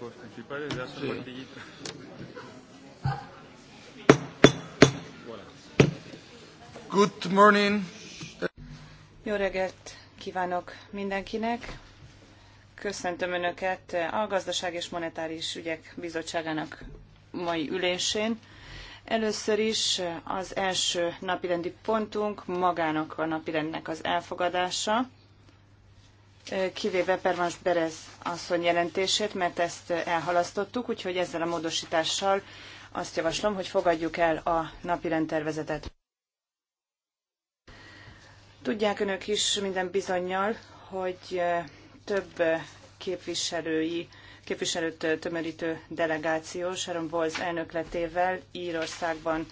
bancos principales ya son martillitos. Good morning. Jó reggelt kívánok mindenkinek. Köszöntöm Önöket a Gazdaság és Monetáris Ügyek Bizottságának mai ülésén. Először is az első napirendi pontunk magának a napirendnek az elfogadása kivéve Permans Berez asszony jelentését, mert ezt elhalasztottuk, úgyhogy ezzel a módosítással azt javaslom, hogy fogadjuk el a napi rendtervezetet. Tudják önök is minden bizonyal, hogy több képviselői, képviselőt tömörítő delegáció Sharon Bowles elnökletével Írországban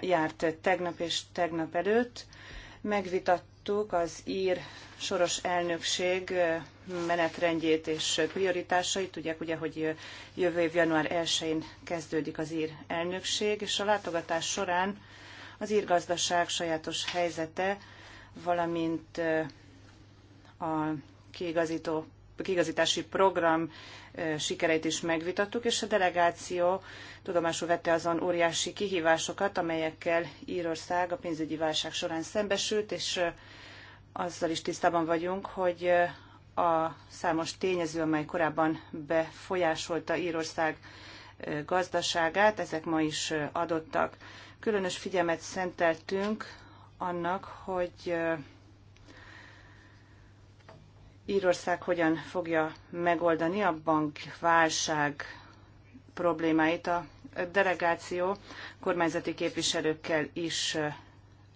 járt tegnap és tegnap előtt, megvitattuk az ír soros elnökség menetrendjét és prioritásait. Tudják ugye, hogy jövő év január 1-én kezdődik az ír elnökség, és a látogatás során az ír gazdaság sajátos helyzete, valamint a kiigazító kiigazítási program sikereit is megvitattuk, és a delegáció tudomásul vette azon óriási kihívásokat, amelyekkel Írország a pénzügyi válság során szembesült, és azzal is tisztában vagyunk, hogy a számos tényező, amely korábban befolyásolta Írország gazdaságát, ezek ma is adottak. Különös figyelmet szenteltünk annak, hogy Írország hogyan fogja megoldani a bankválság problémáit. A delegáció kormányzati képviselőkkel is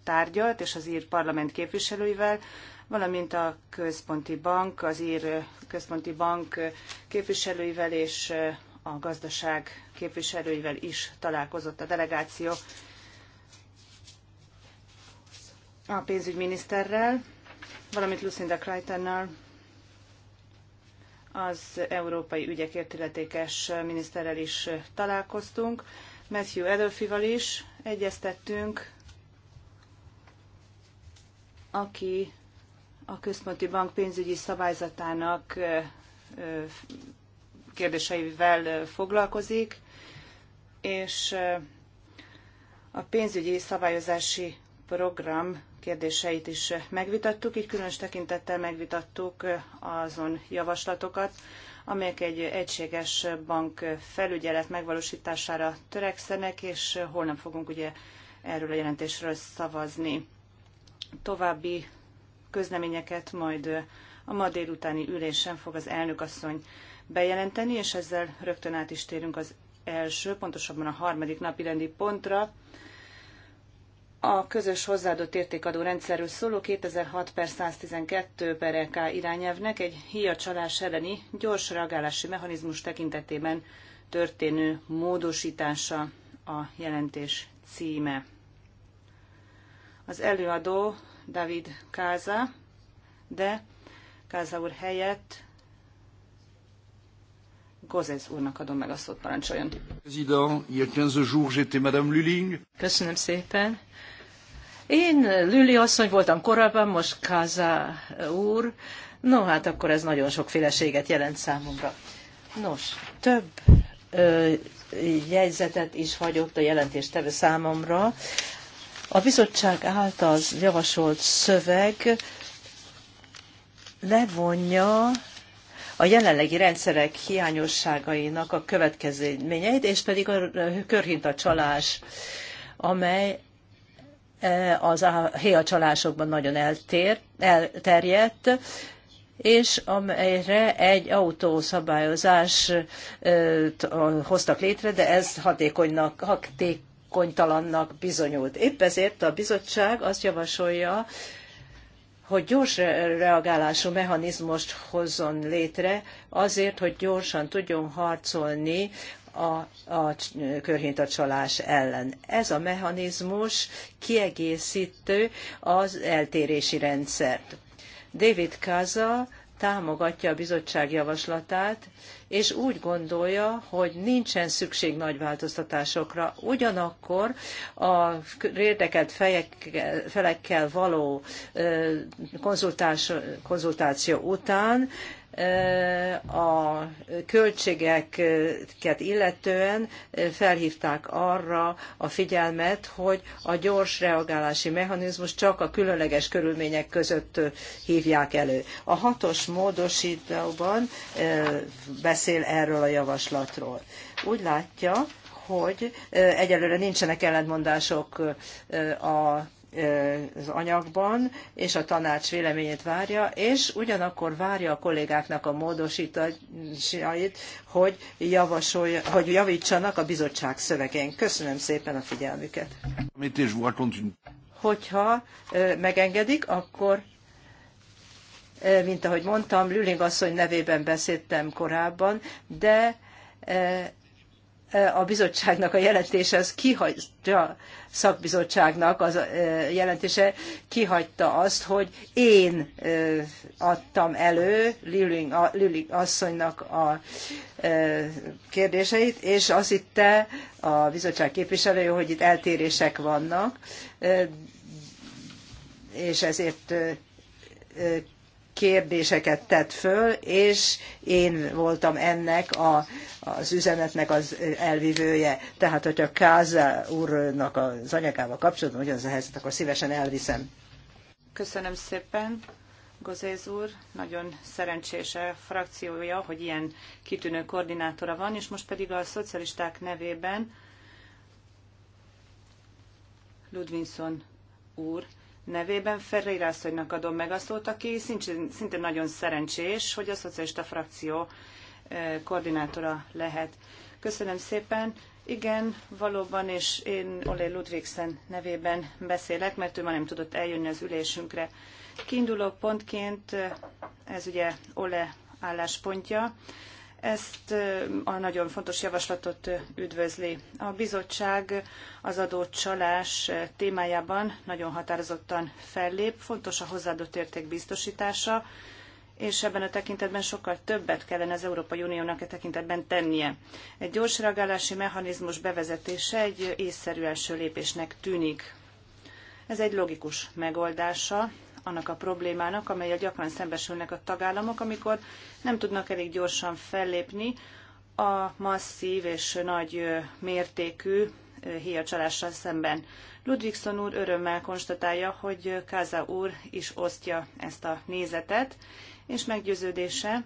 tárgyalt, és az ír parlament képviselőivel, valamint a központi bank, az ír központi bank képviselőivel és a gazdaság képviselőivel is találkozott a delegáció a pénzügyminiszterrel, valamint Lucinda Crichtonnal, az európai ügyekért illetékes miniszterrel is találkoztunk, Matthew Adolfival is egyeztettünk, aki a Központi Bank pénzügyi szabályzatának kérdéseivel foglalkozik, és a pénzügyi szabályozási program kérdéseit is megvitattuk, így különös tekintettel megvitattuk azon javaslatokat, amelyek egy egységes bank felügyelet megvalósítására törekszenek, és holnap fogunk ugye erről a jelentésről szavazni. További közleményeket majd a ma délutáni ülésen fog az elnök asszony bejelenteni, és ezzel rögtön át is térünk az első, pontosabban a harmadik napi rendi pontra, a közös hozzáadott értékadó rendszerről szóló 2006 per 112 per EK irányelvnek egy csalás elleni gyors reagálási mechanizmus tekintetében történő módosítása a jelentés címe. Az előadó David Káza, de Káza úr helyett Gozes úrnak adom meg a szót, parancsoljon. Köszönöm szépen. Én Lüli asszony voltam korábban, most Káza úr. No, hát akkor ez nagyon sokféleséget jelent számomra. Nos, több ö, jegyzetet is hagyott a jelentéstevő számomra. A bizottság által javasolt szöveg levonja a jelenlegi rendszerek hiányosságainak a következményeit, és pedig a körhinta csalás, amely Eh, az héja csalásokban nagyon eltér, elterjedt, és amelyre egy autószabályozás eh, hoztak létre, de ez hatékonynak, hatékonytalannak bizonyult. Épp ezért a bizottság azt javasolja, hogy gyors reagálású mechanizmust hozzon létre azért, hogy gyorsan tudjon harcolni a, a körhintacsalás ellen. Ez a mechanizmus kiegészítő az eltérési rendszert. David Kaza támogatja a bizottság javaslatát, és úgy gondolja, hogy nincsen szükség nagy változtatásokra. Ugyanakkor a érdekelt felekkel való konzultáció után a költségeket illetően felhívták arra a figyelmet, hogy a gyors reagálási mechanizmus csak a különleges körülmények között hívják elő. A hatos módosítóban beszél erről a javaslatról. Úgy látja, hogy egyelőre nincsenek ellentmondások a az anyagban, és a tanács véleményét várja, és ugyanakkor várja a kollégáknak a módosításait, hogy, javasolja, hogy javítsanak a bizottság szövegén. Köszönöm szépen a figyelmüket. Hogyha megengedik, akkor mint ahogy mondtam, Lüling asszony nevében beszéltem korábban, de E, a bizottságnak a jelentése, az kihagyja szakbizottságnak az e, jelentése, kihagyta azt, hogy én e, adtam elő Lüling, Lüling asszonynak a kérdéseit, és azt hitte a bizottság képviselője, hogy itt eltérések vannak, és ezért kérdéseket tett föl, és én voltam ennek a, az üzenetnek az elvivője. Tehát, hogyha Káza úrnak az anyagával kapcsolatban ugyanaz a helyzet, akkor szívesen elviszem. Köszönöm szépen. Gozéz úr, nagyon szerencsés a frakciója, hogy ilyen kitűnő koordinátora van, és most pedig a szocialisták nevében Ludvinson úr nevében Ferreira asszonynak adom meg a szót, aki szintén, szintén nagyon szerencsés, hogy a szocialista frakció eh, koordinátora lehet. Köszönöm szépen. Igen, valóban, és én Olé Ludvigsen nevében beszélek, mert ő ma nem tudott eljönni az ülésünkre. Kiinduló pontként, eh, ez ugye Ole álláspontja, ezt a nagyon fontos javaslatot üdvözli. A bizottság az adócsalás témájában nagyon határozottan fellép, fontos a hozzáadott érték biztosítása, és ebben a tekintetben sokkal többet kellene az Európai Uniónak e tekintetben tennie. Egy gyors reagálási mechanizmus bevezetése egy észszerű első lépésnek tűnik. Ez egy logikus megoldása annak a problémának, amelyel gyakran szembesülnek a tagállamok, amikor nem tudnak elég gyorsan fellépni a masszív és nagy mértékű héjacsalással szemben. Ludvigson úr örömmel konstatálja, hogy Káza úr is osztja ezt a nézetet, és meggyőződése,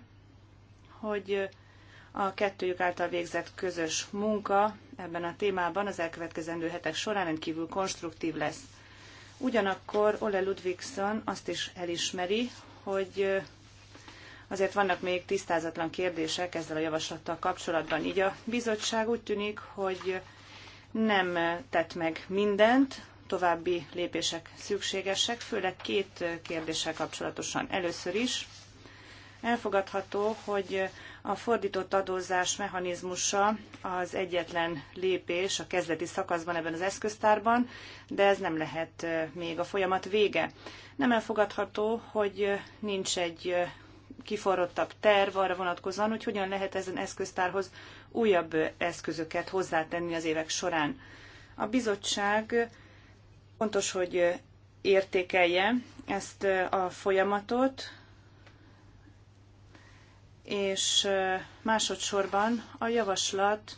hogy a kettőjük által végzett közös munka ebben a témában az elkövetkezendő hetek során rendkívül konstruktív lesz. Ugyanakkor Ole Ludvigson azt is elismeri, hogy azért vannak még tisztázatlan kérdések ezzel a javaslattal kapcsolatban. Így a bizottság úgy tűnik, hogy nem tett meg mindent, további lépések szükségesek, főleg két kérdéssel kapcsolatosan. Először is elfogadható, hogy a fordított adózás mechanizmusa az egyetlen lépés a kezdeti szakaszban ebben az eszköztárban, de ez nem lehet még a folyamat vége. Nem elfogadható, hogy nincs egy kiforrottabb terv arra vonatkozóan, hogy hogyan lehet ezen eszköztárhoz újabb eszközöket hozzátenni az évek során. A bizottság fontos, hogy értékelje ezt a folyamatot, és másodszorban a javaslat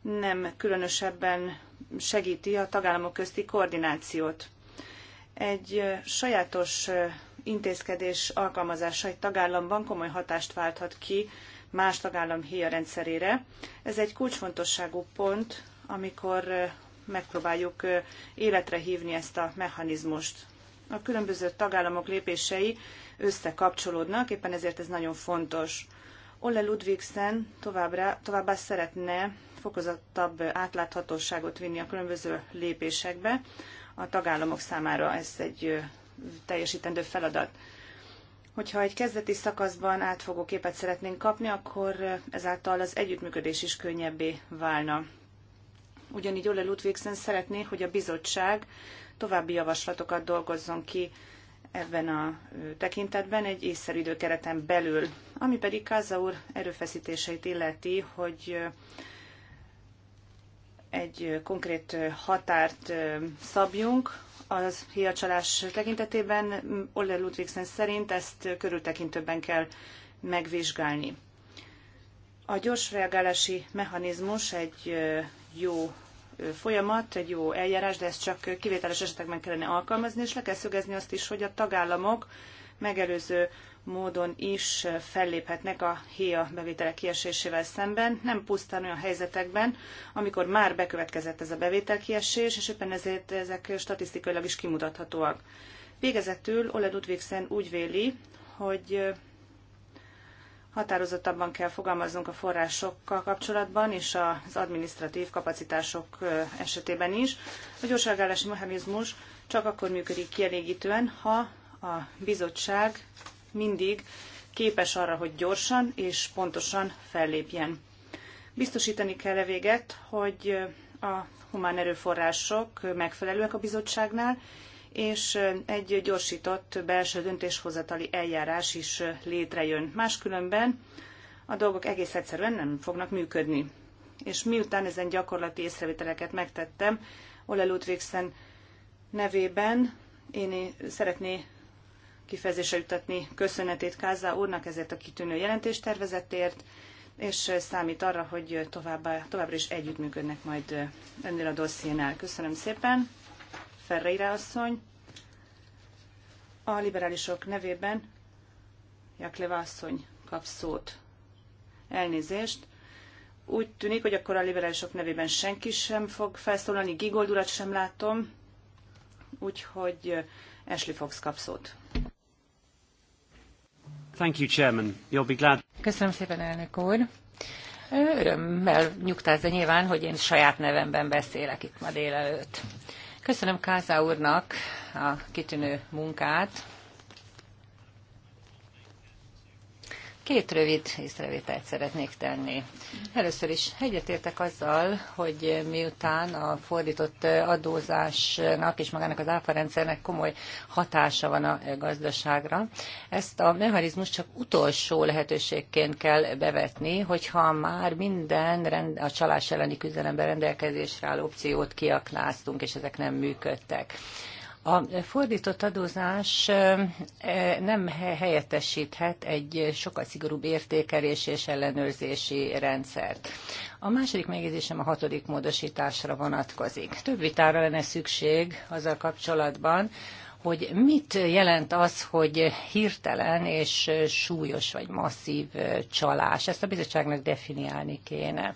nem különösebben segíti a tagállamok közti koordinációt. Egy sajátos intézkedés alkalmazása egy tagállamban komoly hatást válthat ki más tagállam rendszerére. Ez egy kulcsfontosságú pont, amikor megpróbáljuk életre hívni ezt a mechanizmust. A különböző tagállamok lépései összekapcsolódnak, éppen ezért ez nagyon fontos. Olle Ludvigsen továbbra, továbbá szeretne fokozottabb átláthatóságot vinni a különböző lépésekbe. A tagállamok számára ez egy teljesítendő feladat. Hogyha egy kezdeti szakaszban átfogó képet szeretnénk kapni, akkor ezáltal az együttműködés is könnyebbé válna. Ugyanígy Olle Ludvigsen szeretné, hogy a bizottság további javaslatokat dolgozzon ki ebben a tekintetben egy észszerű időkereten belül. Ami pedig Kaza úr erőfeszítéseit illeti, hogy egy konkrét határt szabjunk, az hiacsalás tekintetében Olle Ludwigsen szerint ezt körültekintőbben kell megvizsgálni. A gyors reagálási mechanizmus egy jó folyamat, egy jó eljárás, de ezt csak kivételes esetekben kellene alkalmazni, és le kell szögezni azt is, hogy a tagállamok megelőző módon is felléphetnek a héja bevételek kiesésével szemben, nem pusztán olyan helyzetekben, amikor már bekövetkezett ez a bevétel kiesés, és éppen ezért ezek statisztikailag is kimutathatóak. Végezetül Ole Ludvigsen úgy véli, hogy Határozottabban kell fogalmaznunk a forrásokkal kapcsolatban és az administratív kapacitások esetében is. A gyorsállási mechanizmus csak akkor működik kielégítően, ha a bizottság mindig képes arra, hogy gyorsan és pontosan fellépjen. Biztosítani kell e véget, hogy a humán erőforrások megfelelőek a bizottságnál, és egy gyorsított belső döntéshozatali eljárás is létrejön. Máskülönben a dolgok egész egyszerűen nem fognak működni. És miután ezen gyakorlati észrevételeket megtettem, Ole Ludvigsen nevében én szeretné kifejezésre jutatni köszönetét Kázá úrnak ezért a kitűnő jelentéstervezetért, és számít arra, hogy továbbá, továbbra is együttműködnek majd ennél a dossziénál. Köszönöm szépen! Ferreira asszony, a liberálisok nevében Jakleva asszony kap szót. Elnézést. Úgy tűnik, hogy akkor a liberálisok nevében senki sem fog felszólalni, Gigoldurat sem látom, úgyhogy eh, Ashley Fox kap szót. Thank you, Chairman. You'll be glad. Köszönöm szépen, elnök úr. Örömmel nyugtázza nyilván, hogy én saját nevemben beszélek itt ma délelőtt. Köszönöm Káza úrnak a kitűnő munkát. Két rövid észrevételt szeretnék tenni. Először is egyetértek azzal, hogy miután a fordított adózásnak és magának az áfa rendszernek komoly hatása van a gazdaságra, ezt a mechanizmus csak utolsó lehetőségként kell bevetni, hogyha már minden rend, a csalás elleni küzdelemben rendelkezésre álló opciót kiaknáztunk, és ezek nem működtek. A fordított adózás nem helyettesíthet egy sokkal szigorúbb értékelés és ellenőrzési rendszert. A második megjegyzésem a hatodik módosításra vonatkozik. Több vitára lenne szükség azzal kapcsolatban, hogy mit jelent az, hogy hirtelen és súlyos vagy masszív csalás. Ezt a bizottságnak definiálni kéne.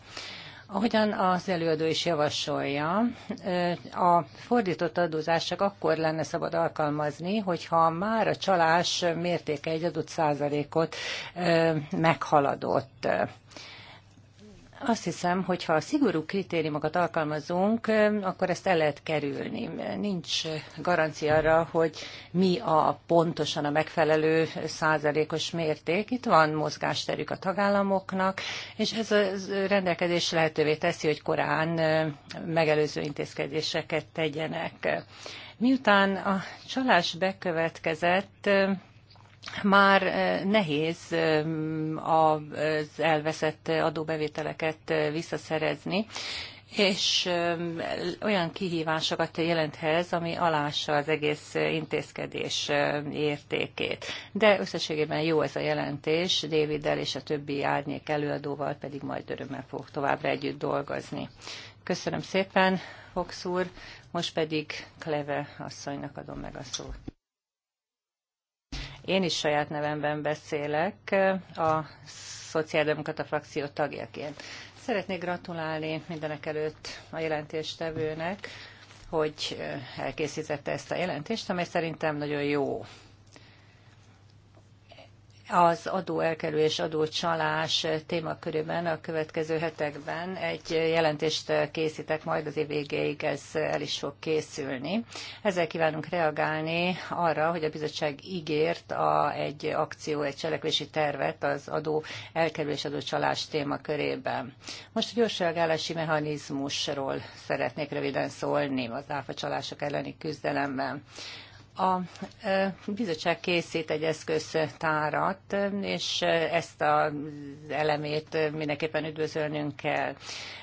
Ahogyan az előadó is javasolja, a fordított adózás csak akkor lenne szabad alkalmazni, hogyha már a csalás mértéke egy adott százalékot meghaladott. Azt hiszem, hogy ha szigorú kritériumokat alkalmazunk, akkor ezt el lehet kerülni. Nincs garancia arra, hogy mi a pontosan a megfelelő százalékos mérték. Itt van mozgásterük a tagállamoknak, és ez a rendelkezés lehetővé teszi, hogy korán megelőző intézkedéseket tegyenek. Miután a csalás bekövetkezett, már eh, nehéz eh, az elveszett adóbevételeket eh, visszaszerezni, és olyan kihívásokat jelenthez, ami alássa az egész intézkedés értékét. De összességében jó ez a jelentés, Daviddel és a többi árnyék előadóval pedig majd örömmel fog továbbra együtt dolgozni. Köszönöm szépen, Fox úr, most pedig Kleve asszonynak adom meg a szót. Én is saját nevemben beszélek a Szociáldemokrata frakció tagjaként. Szeretnék gratulálni mindenek előtt a jelentéstevőnek, hogy elkészítette ezt a jelentést, amely szerintem nagyon jó az adóelkerülés, adócsalás témakörében a következő hetekben egy jelentést készítek, majd az év végéig ez el is fog készülni. Ezzel kívánunk reagálni arra, hogy a bizottság ígért a, egy akció, egy cselekvési tervet az adó elkerülés, adócsalás témakörében. Most a gyorsreagálási mechanizmusról szeretnék röviden szólni az áfacsalások elleni küzdelemben. A bizottság készít egy eszköztárat, és ezt az elemét mindenképpen üdvözölnünk kell.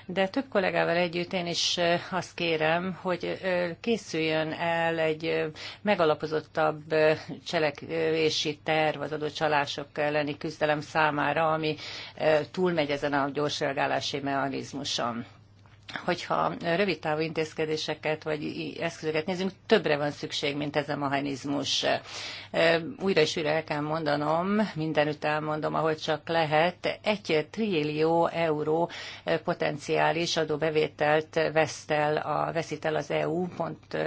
De több kollégával együtt én is azt kérem, hogy készüljön el egy megalapozottabb cselekvési terv az adott csalások elleni küzdelem számára, ami túlmegy ezen a gyorsreagálási mechanizmuson hogyha rövidtávú intézkedéseket vagy eszközöket nézünk, többre van szükség, mint ez a mechanizmus. Újra és újra el kell mondanom, mindenütt elmondom, ahogy csak lehet, egy trillió euró potenciális adóbevételt veszt el a, veszít el az EU, pont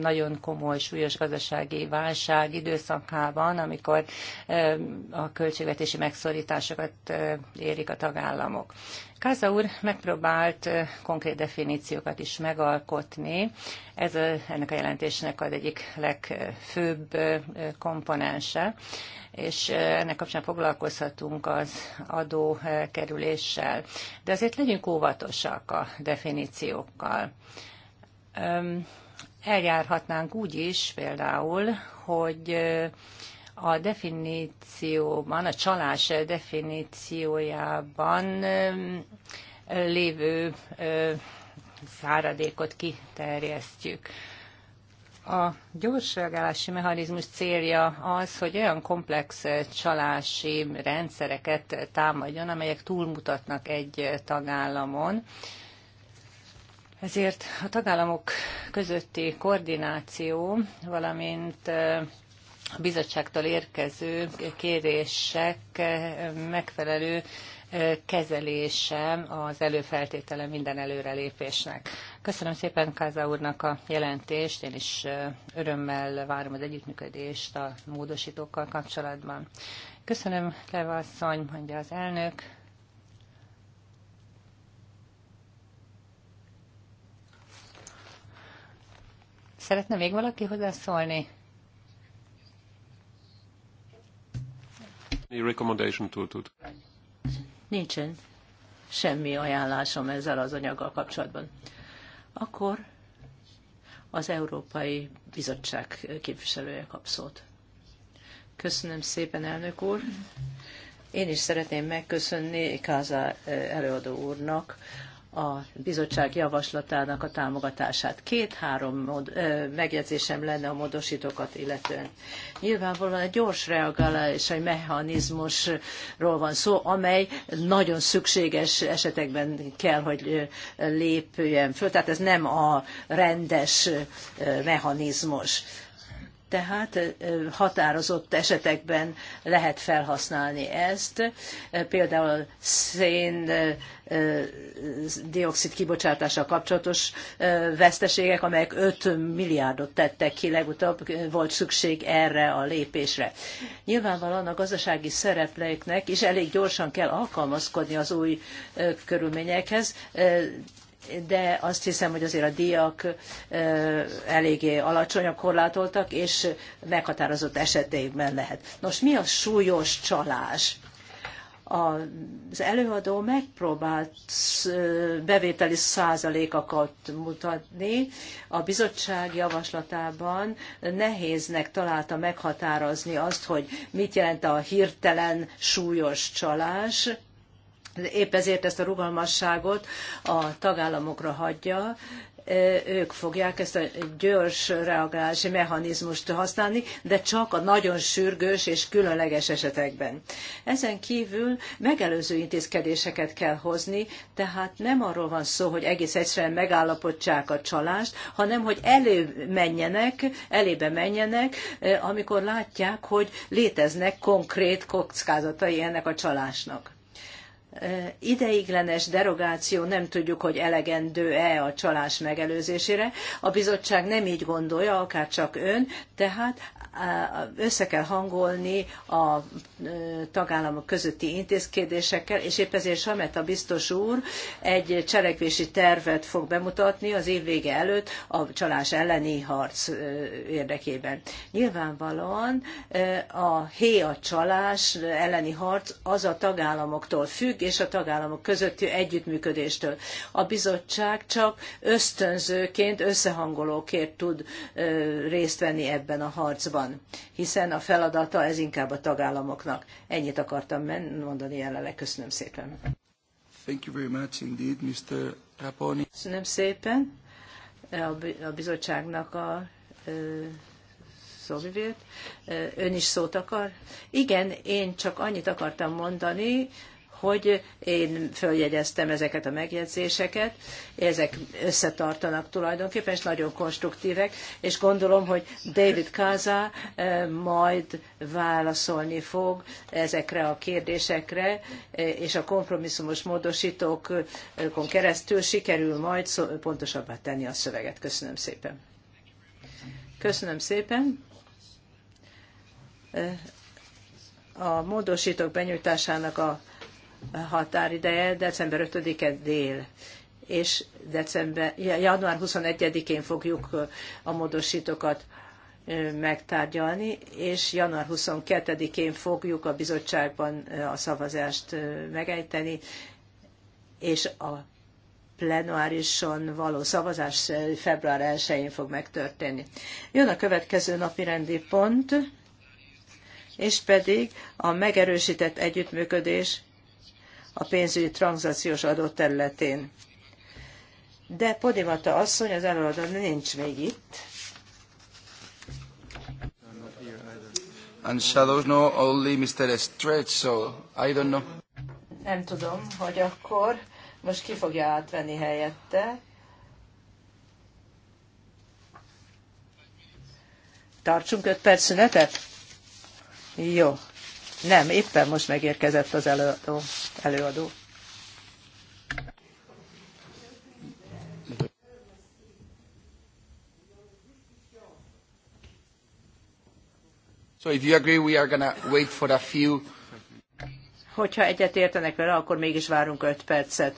nagyon komoly, súlyos gazdasági válság időszakában, amikor a költségvetési megszorításokat érik a tagállamok. Káza úr megpróbált konkrét definíciókat is megalkotni. Ez ennek a jelentésnek az egyik legfőbb komponense, és ennek kapcsán foglalkozhatunk az adókerüléssel. De azért legyünk óvatosak a definíciókkal. Eljárhatnánk úgy is például, hogy a definícióban, a csalás definíciójában lévő záradékot kiterjesztjük. A gyors reagálási mechanizmus célja az, hogy olyan komplex csalási rendszereket támadjon, amelyek túlmutatnak egy tagállamon. Ezért a tagállamok közötti koordináció, valamint a bizottságtól érkező kérések megfelelő kezelése az előfeltétele minden előrelépésnek. Köszönöm szépen Káza úrnak a jelentést, én is örömmel várom az együttműködést a módosítókkal kapcsolatban. Köszönöm, Levasszony, mondja az elnök. Szeretne még valaki hozzászólni? recommendation to, to... Nincsen semmi ajánlásom ezzel az anyaggal kapcsolatban. Akkor az Európai Bizottság képviselője kap szót. Köszönöm szépen, elnök úr. Én is szeretném megköszönni Káza eh, előadó úrnak a bizottság javaslatának a támogatását. Két-három mod, ö, megjegyzésem lenne a módosítókat illetően. Nyilvánvalóan egy gyors egy mechanizmusról van szó, amely nagyon szükséges esetekben kell, hogy lépjen föl. Tehát ez nem a rendes mechanizmus tehát határozott esetekben lehet felhasználni ezt, például szén dioxid kibocsátása kapcsolatos veszteségek, amelyek 5 milliárdot tettek ki, legutóbb volt szükség erre a lépésre. Nyilvánvalóan a gazdasági szereplőknek is elég gyorsan kell alkalmazkodni az új körülményekhez, de azt hiszem, hogy azért a díjak eléggé alacsonyak, korlátoltak, és meghatározott esetekben lehet. Nos, mi a súlyos csalás? az előadó megpróbált bevételi százalékokat mutatni. A bizottság javaslatában nehéznek találta meghatározni azt, hogy mit jelent a hirtelen súlyos csalás, Épp ezért ezt a rugalmasságot a tagállamokra hagyja, ők fogják ezt a gyors reagálási mechanizmust használni, de csak a nagyon sürgős és különleges esetekben. Ezen kívül megelőző intézkedéseket kell hozni, tehát nem arról van szó, hogy egész egyszerűen megállapodják a csalást, hanem hogy elő menjenek, elébe menjenek, amikor látják, hogy léteznek konkrét kockázatai ennek a csalásnak ideiglenes derogáció nem tudjuk, hogy elegendő-e a csalás megelőzésére. A bizottság nem így gondolja, akár csak ön, tehát össze kell hangolni a tagállamok közötti intézkedésekkel, és épp ezért Samet a biztos úr egy cselekvési tervet fog bemutatni az év vége előtt a csalás elleni harc érdekében. Nyilvánvalóan a a csalás elleni harc az a tagállamoktól függ, és a tagállamok közötti együttműködéstől. A bizottság csak ösztönzőként, összehangolóként tud részt venni ebben a harcban van, hiszen a feladata ez inkább a tagállamoknak. Ennyit akartam mondani jelenleg. Köszönöm szépen. Thank you very much indeed, Mr. Raponi. Köszönöm szépen a bizottságnak a szóvivét. Ön is szót akar? Igen, én csak annyit akartam mondani, hogy én följegyeztem ezeket a megjegyzéseket, ezek összetartanak tulajdonképpen, és nagyon konstruktívek, és gondolom, hogy David Kaza eh, majd válaszolni fog ezekre a kérdésekre, eh, és a kompromisszumos módosítókon keresztül sikerül majd pontosabbá tenni a szöveget. Köszönöm szépen. Köszönöm szépen eh, a módosítók benyújtásának a határideje december 5-e dél, és december, január 21-én fogjuk a módosítókat megtárgyalni, és január 22-én fogjuk a bizottságban a szavazást megejteni, és a plenárison való szavazás február 1-én fog megtörténni. Jön a következő napi rendi pont, és pedig a megerősített együttműködés a pénzügyi tranzakciós adó területén. De Podimata asszony, az előadó nincs még itt. And shadows know only Mr. Stretch, so I don't know. Nem tudom, hogy akkor most ki fogja átvenni helyette. Tartsunk öt perc szünetet? Jó. Nem, éppen most megérkezett az előadó. előadó. So if you agree, we are gonna wait for a few... Hogyha egyet értenek vele, akkor mégis várunk öt percet.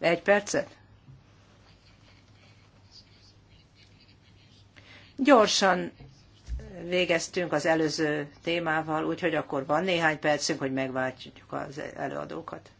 Egy percet? Gyorsan végeztünk az előző témával, úgyhogy akkor van néhány percünk, hogy megváltjuk az előadókat.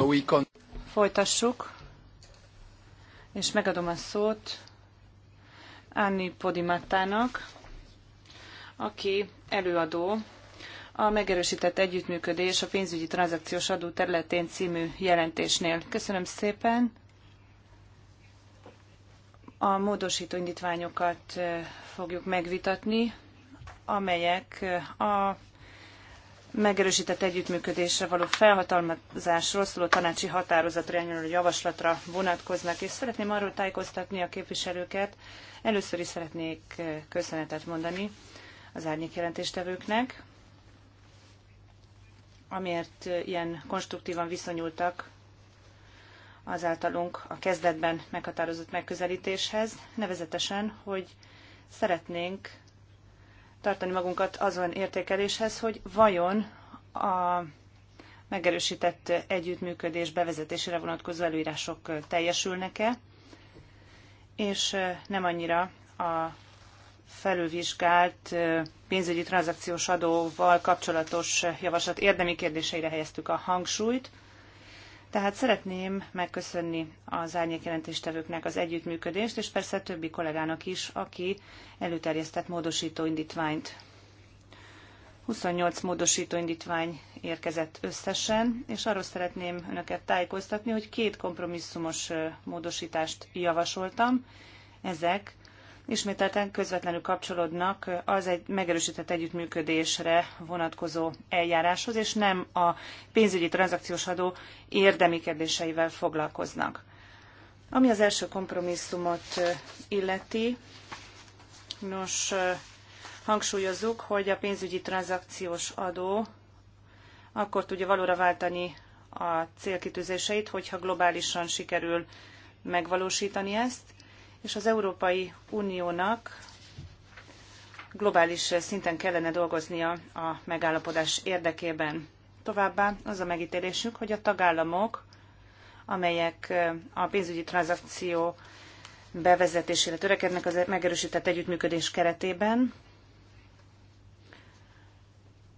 So we con- Folytassuk, és megadom a szót Anni Podimattának, aki előadó a megerősített együttműködés a pénzügyi tranzakciós adó területén című jelentésnél. Köszönöm szépen! A módosító indítványokat eh, fogjuk megvitatni, amelyek eh, a megerősített együttműködésre való felhatalmazásról szóló tanácsi határozatra irányuló javaslatra vonatkoznak, és szeretném arról tájékoztatni a képviselőket. Először is szeretnék köszönetet mondani az árnyék jelentéstevőknek, amiért ilyen konstruktívan viszonyultak az általunk a kezdetben meghatározott megközelítéshez, nevezetesen, hogy szeretnénk tartani magunkat azon értékeléshez, hogy vajon a megerősített együttműködés bevezetésére vonatkozó előírások teljesülnek-e, és nem annyira a felülvizsgált pénzügyi tranzakciós adóval kapcsolatos javaslat érdemi kérdéseire helyeztük a hangsúlyt, tehát szeretném megköszönni az jelentéstevőknek az együttműködést, és persze a többi kollégának is, aki előterjesztett módosító indítványt. 28 módosító indítvány érkezett összesen, és arról szeretném önöket tájékoztatni, hogy két kompromisszumos módosítást javasoltam. Ezek ismételten közvetlenül kapcsolódnak az egy megerősített együttműködésre vonatkozó eljáráshoz, és nem a pénzügyi tranzakciós adó érdemi kérdéseivel foglalkoznak. Ami az első kompromisszumot illeti, nos, hangsúlyozzuk, hogy a pénzügyi tranzakciós adó akkor tudja valóra váltani a célkitűzéseit, hogyha globálisan sikerül megvalósítani ezt, és az Európai Uniónak globális szinten kellene dolgoznia a megállapodás érdekében. Továbbá az a megítélésük, hogy a tagállamok, amelyek a pénzügyi tranzakció bevezetésére törekednek az megerősített együttműködés keretében,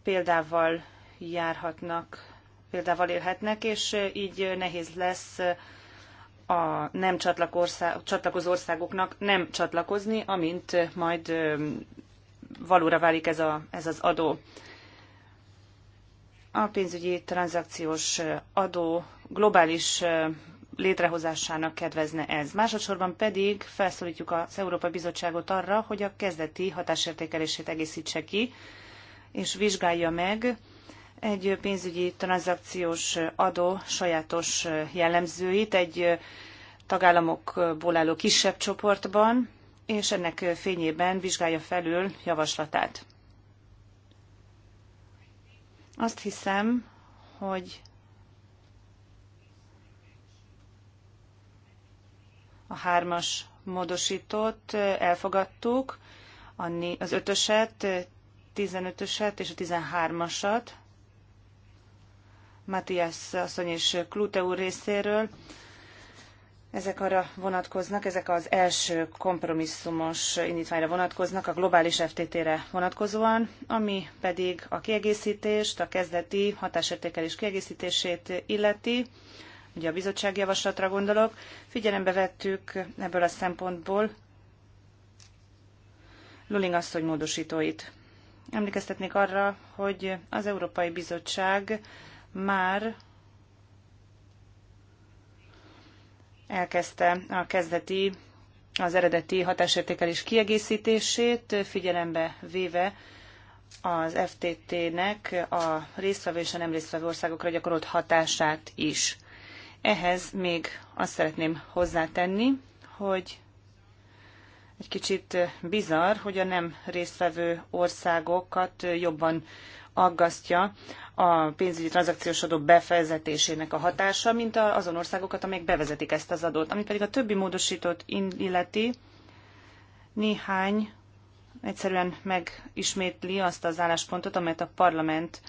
példával járhatnak, példával élhetnek, és így nehéz lesz a nem csatlakozó országoknak nem csatlakozni, amint majd valóra válik ez, a, ez az adó. A pénzügyi tranzakciós adó globális létrehozásának kedvezne ez. Másodszorban pedig felszólítjuk az Európai Bizottságot arra, hogy a kezdeti hatásértékelését egészítse ki, és vizsgálja meg, egy pénzügyi tranzakciós adó sajátos jellemzőit egy tagállamokból álló kisebb csoportban, és ennek fényében vizsgálja felül javaslatát. Azt hiszem, hogy a hármas módosítót elfogadtuk, az ötöset, 15-öset és a 13-asat Matthias asszony és Klute úr részéről. Ezek arra vonatkoznak, ezek az első kompromisszumos indítványra vonatkoznak, a globális FTT-re vonatkozóan, ami pedig a kiegészítést, a kezdeti hatásértékelés kiegészítését illeti, ugye a bizottság javaslatra gondolok. Figyelembe vettük ebből a szempontból Luling asszony módosítóit. Emlékeztetnék arra, hogy az Európai Bizottság már elkezdte a kezdeti, az eredeti hatásértékelés kiegészítését, figyelembe véve az FTT-nek a résztvevő és a nem résztvevő országokra gyakorolt hatását is. Ehhez még azt szeretném hozzátenni, hogy egy kicsit bizarr, hogy a nem résztvevő országokat jobban aggasztja a pénzügyi tranzakciós adó bevezetésének a hatása, mint azon országokat, amelyek bevezetik ezt az adót. Ami pedig a többi módosítót illeti, néhány egyszerűen megismétli azt az álláspontot, amelyet a parlament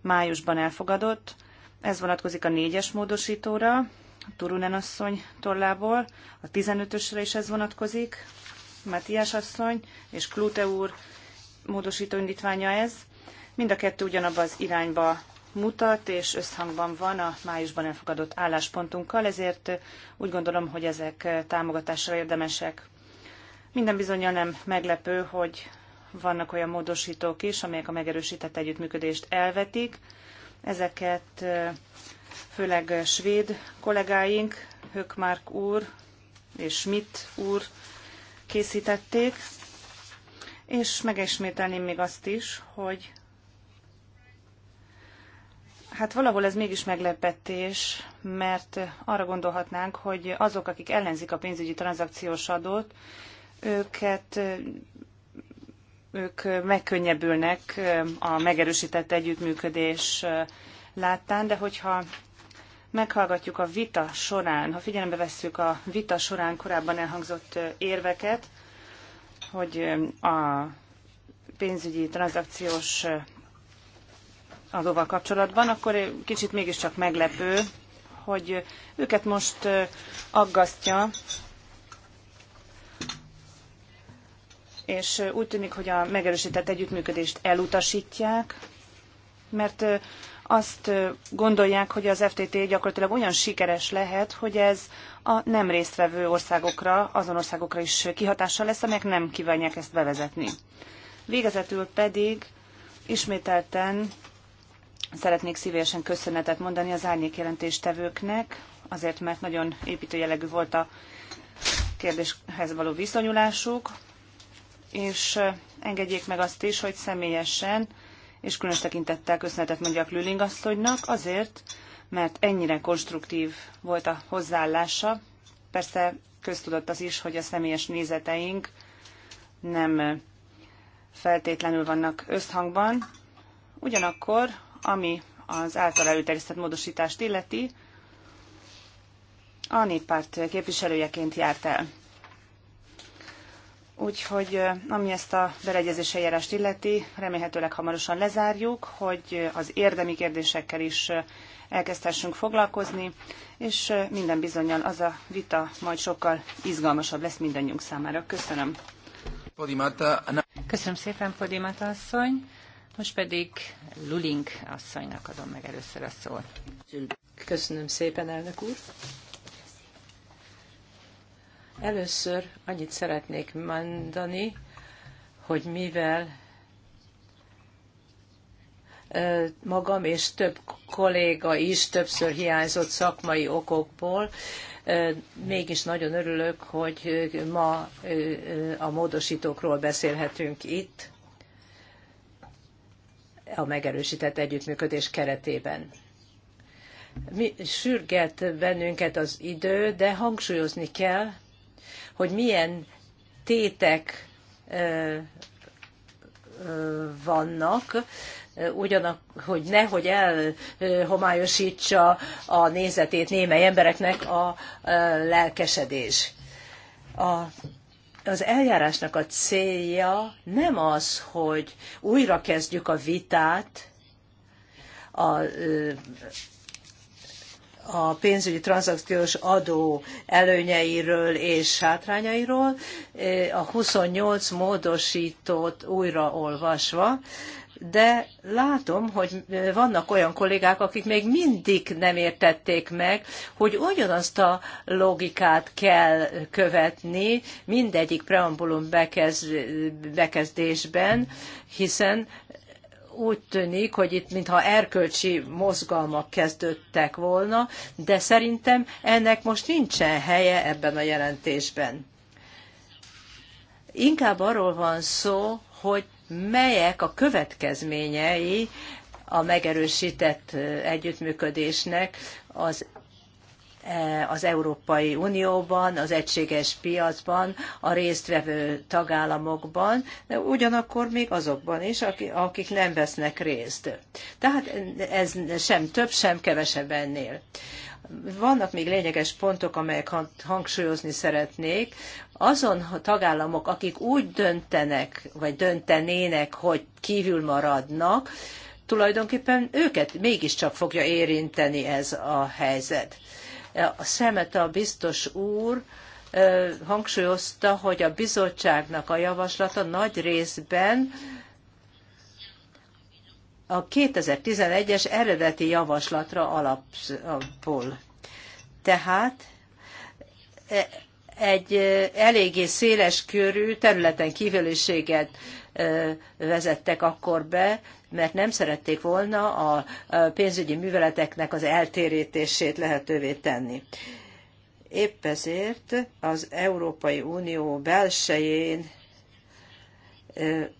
májusban elfogadott. Ez vonatkozik a négyes módosítóra, a Turunen asszony tollából, a 15-ösre is ez vonatkozik, Matthias asszony és Klute úr módosító indítványa ez. Mind a kettő ugyanabba az irányba mutat, és összhangban van a májusban elfogadott álláspontunkkal, ezért úgy gondolom, hogy ezek támogatásra érdemesek. Minden bizonyal nem meglepő, hogy vannak olyan módosítók is, amelyek a megerősített együttműködést elvetik. Ezeket főleg svéd kollégáink, Hökmark úr és Schmidt úr készítették, és megismételném még azt is, hogy Hát valahol ez mégis meglepetés, mert arra gondolhatnánk, hogy azok, akik ellenzik a pénzügyi tranzakciós adót, őket ők megkönnyebbülnek a megerősített együttműködés láttán, de hogyha meghallgatjuk a vita során, ha figyelembe vesszük a vita során korábban elhangzott érveket, hogy a pénzügyi tranzakciós adóval kapcsolatban, akkor kicsit mégiscsak meglepő, hogy őket most aggasztja, és úgy tűnik, hogy a megerősített együttműködést elutasítják, mert azt gondolják, hogy az FTT gyakorlatilag olyan sikeres lehet, hogy ez a nem résztvevő országokra, azon országokra is kihatással lesz, amelyek nem kívánják ezt bevezetni. Végezetül pedig ismételten Szeretnék szívesen köszönetet mondani az árnyék jelentéstevőknek, azért mert nagyon építőjelegű volt a kérdéshez való viszonyulásuk, és engedjék meg azt is, hogy személyesen és különös tekintettel köszönetet mondjak Lüling asszonynak azért, mert ennyire konstruktív volt a hozzáállása. Persze köztudott az is, hogy a személyes nézeteink nem feltétlenül vannak összhangban. Ugyanakkor ami az által előterjesztett módosítást illeti, a néppárt képviselőjeként járt el. Úgyhogy ami ezt a beleegyezés eljárást illeti, remélhetőleg hamarosan lezárjuk, hogy az érdemi kérdésekkel is elkezdhessünk foglalkozni, és minden bizonyal az a vita majd sokkal izgalmasabb lesz mindannyiunk számára. Köszönöm. Köszönöm szépen, Podimata asszony. Most pedig Luling asszonynak adom meg először a szót. Köszönöm szépen, elnök úr. Először annyit szeretnék mondani, hogy mivel magam és több kolléga is többször hiányzott szakmai okokból, mégis nagyon örülök, hogy ma a módosítókról beszélhetünk itt a megerősített együttműködés keretében. Mi sürget bennünket az idő, de hangsúlyozni kell, hogy milyen tétek vannak, ugyanak, hogy nehogy elhomályosítsa a nézetét némely embereknek a lelkesedés. A az eljárásnak a célja nem az, hogy újra kezdjük a vitát a, a pénzügyi tranzakciós adó előnyeiről és hátrányairól, a 28 módosítót újraolvasva, de látom, hogy vannak olyan kollégák, akik még mindig nem értették meg, hogy ugyanazt a logikát kell követni mindegyik preambulum bekez, bekezdésben, hiszen úgy tűnik, hogy itt mintha erkölcsi mozgalmak kezdődtek volna, de szerintem ennek most nincsen helye ebben a jelentésben. Inkább arról van szó, hogy melyek a következményei a megerősített együttműködésnek az e, az Európai Unióban, az egységes piacban, a résztvevő tagállamokban, de ugyanakkor még azokban is, akik nem vesznek részt. Tehát ez sem több, sem kevesebb ennél. Vannak még lényeges pontok, amelyek hangsúlyozni szeretnék azon a tagállamok, akik úgy döntenek, vagy döntenének, hogy kívül maradnak, tulajdonképpen őket mégiscsak fogja érinteni ez a helyzet. A szemet a biztos úr hangsúlyozta, hogy a bizottságnak a javaslata nagy részben a 2011-es eredeti javaslatra alapul. Tehát e, egy eléggé széles körű területen kívüliséget vezettek akkor be, mert nem szerették volna a pénzügyi műveleteknek az eltérítését lehetővé tenni. Épp ezért az Európai Unió belsején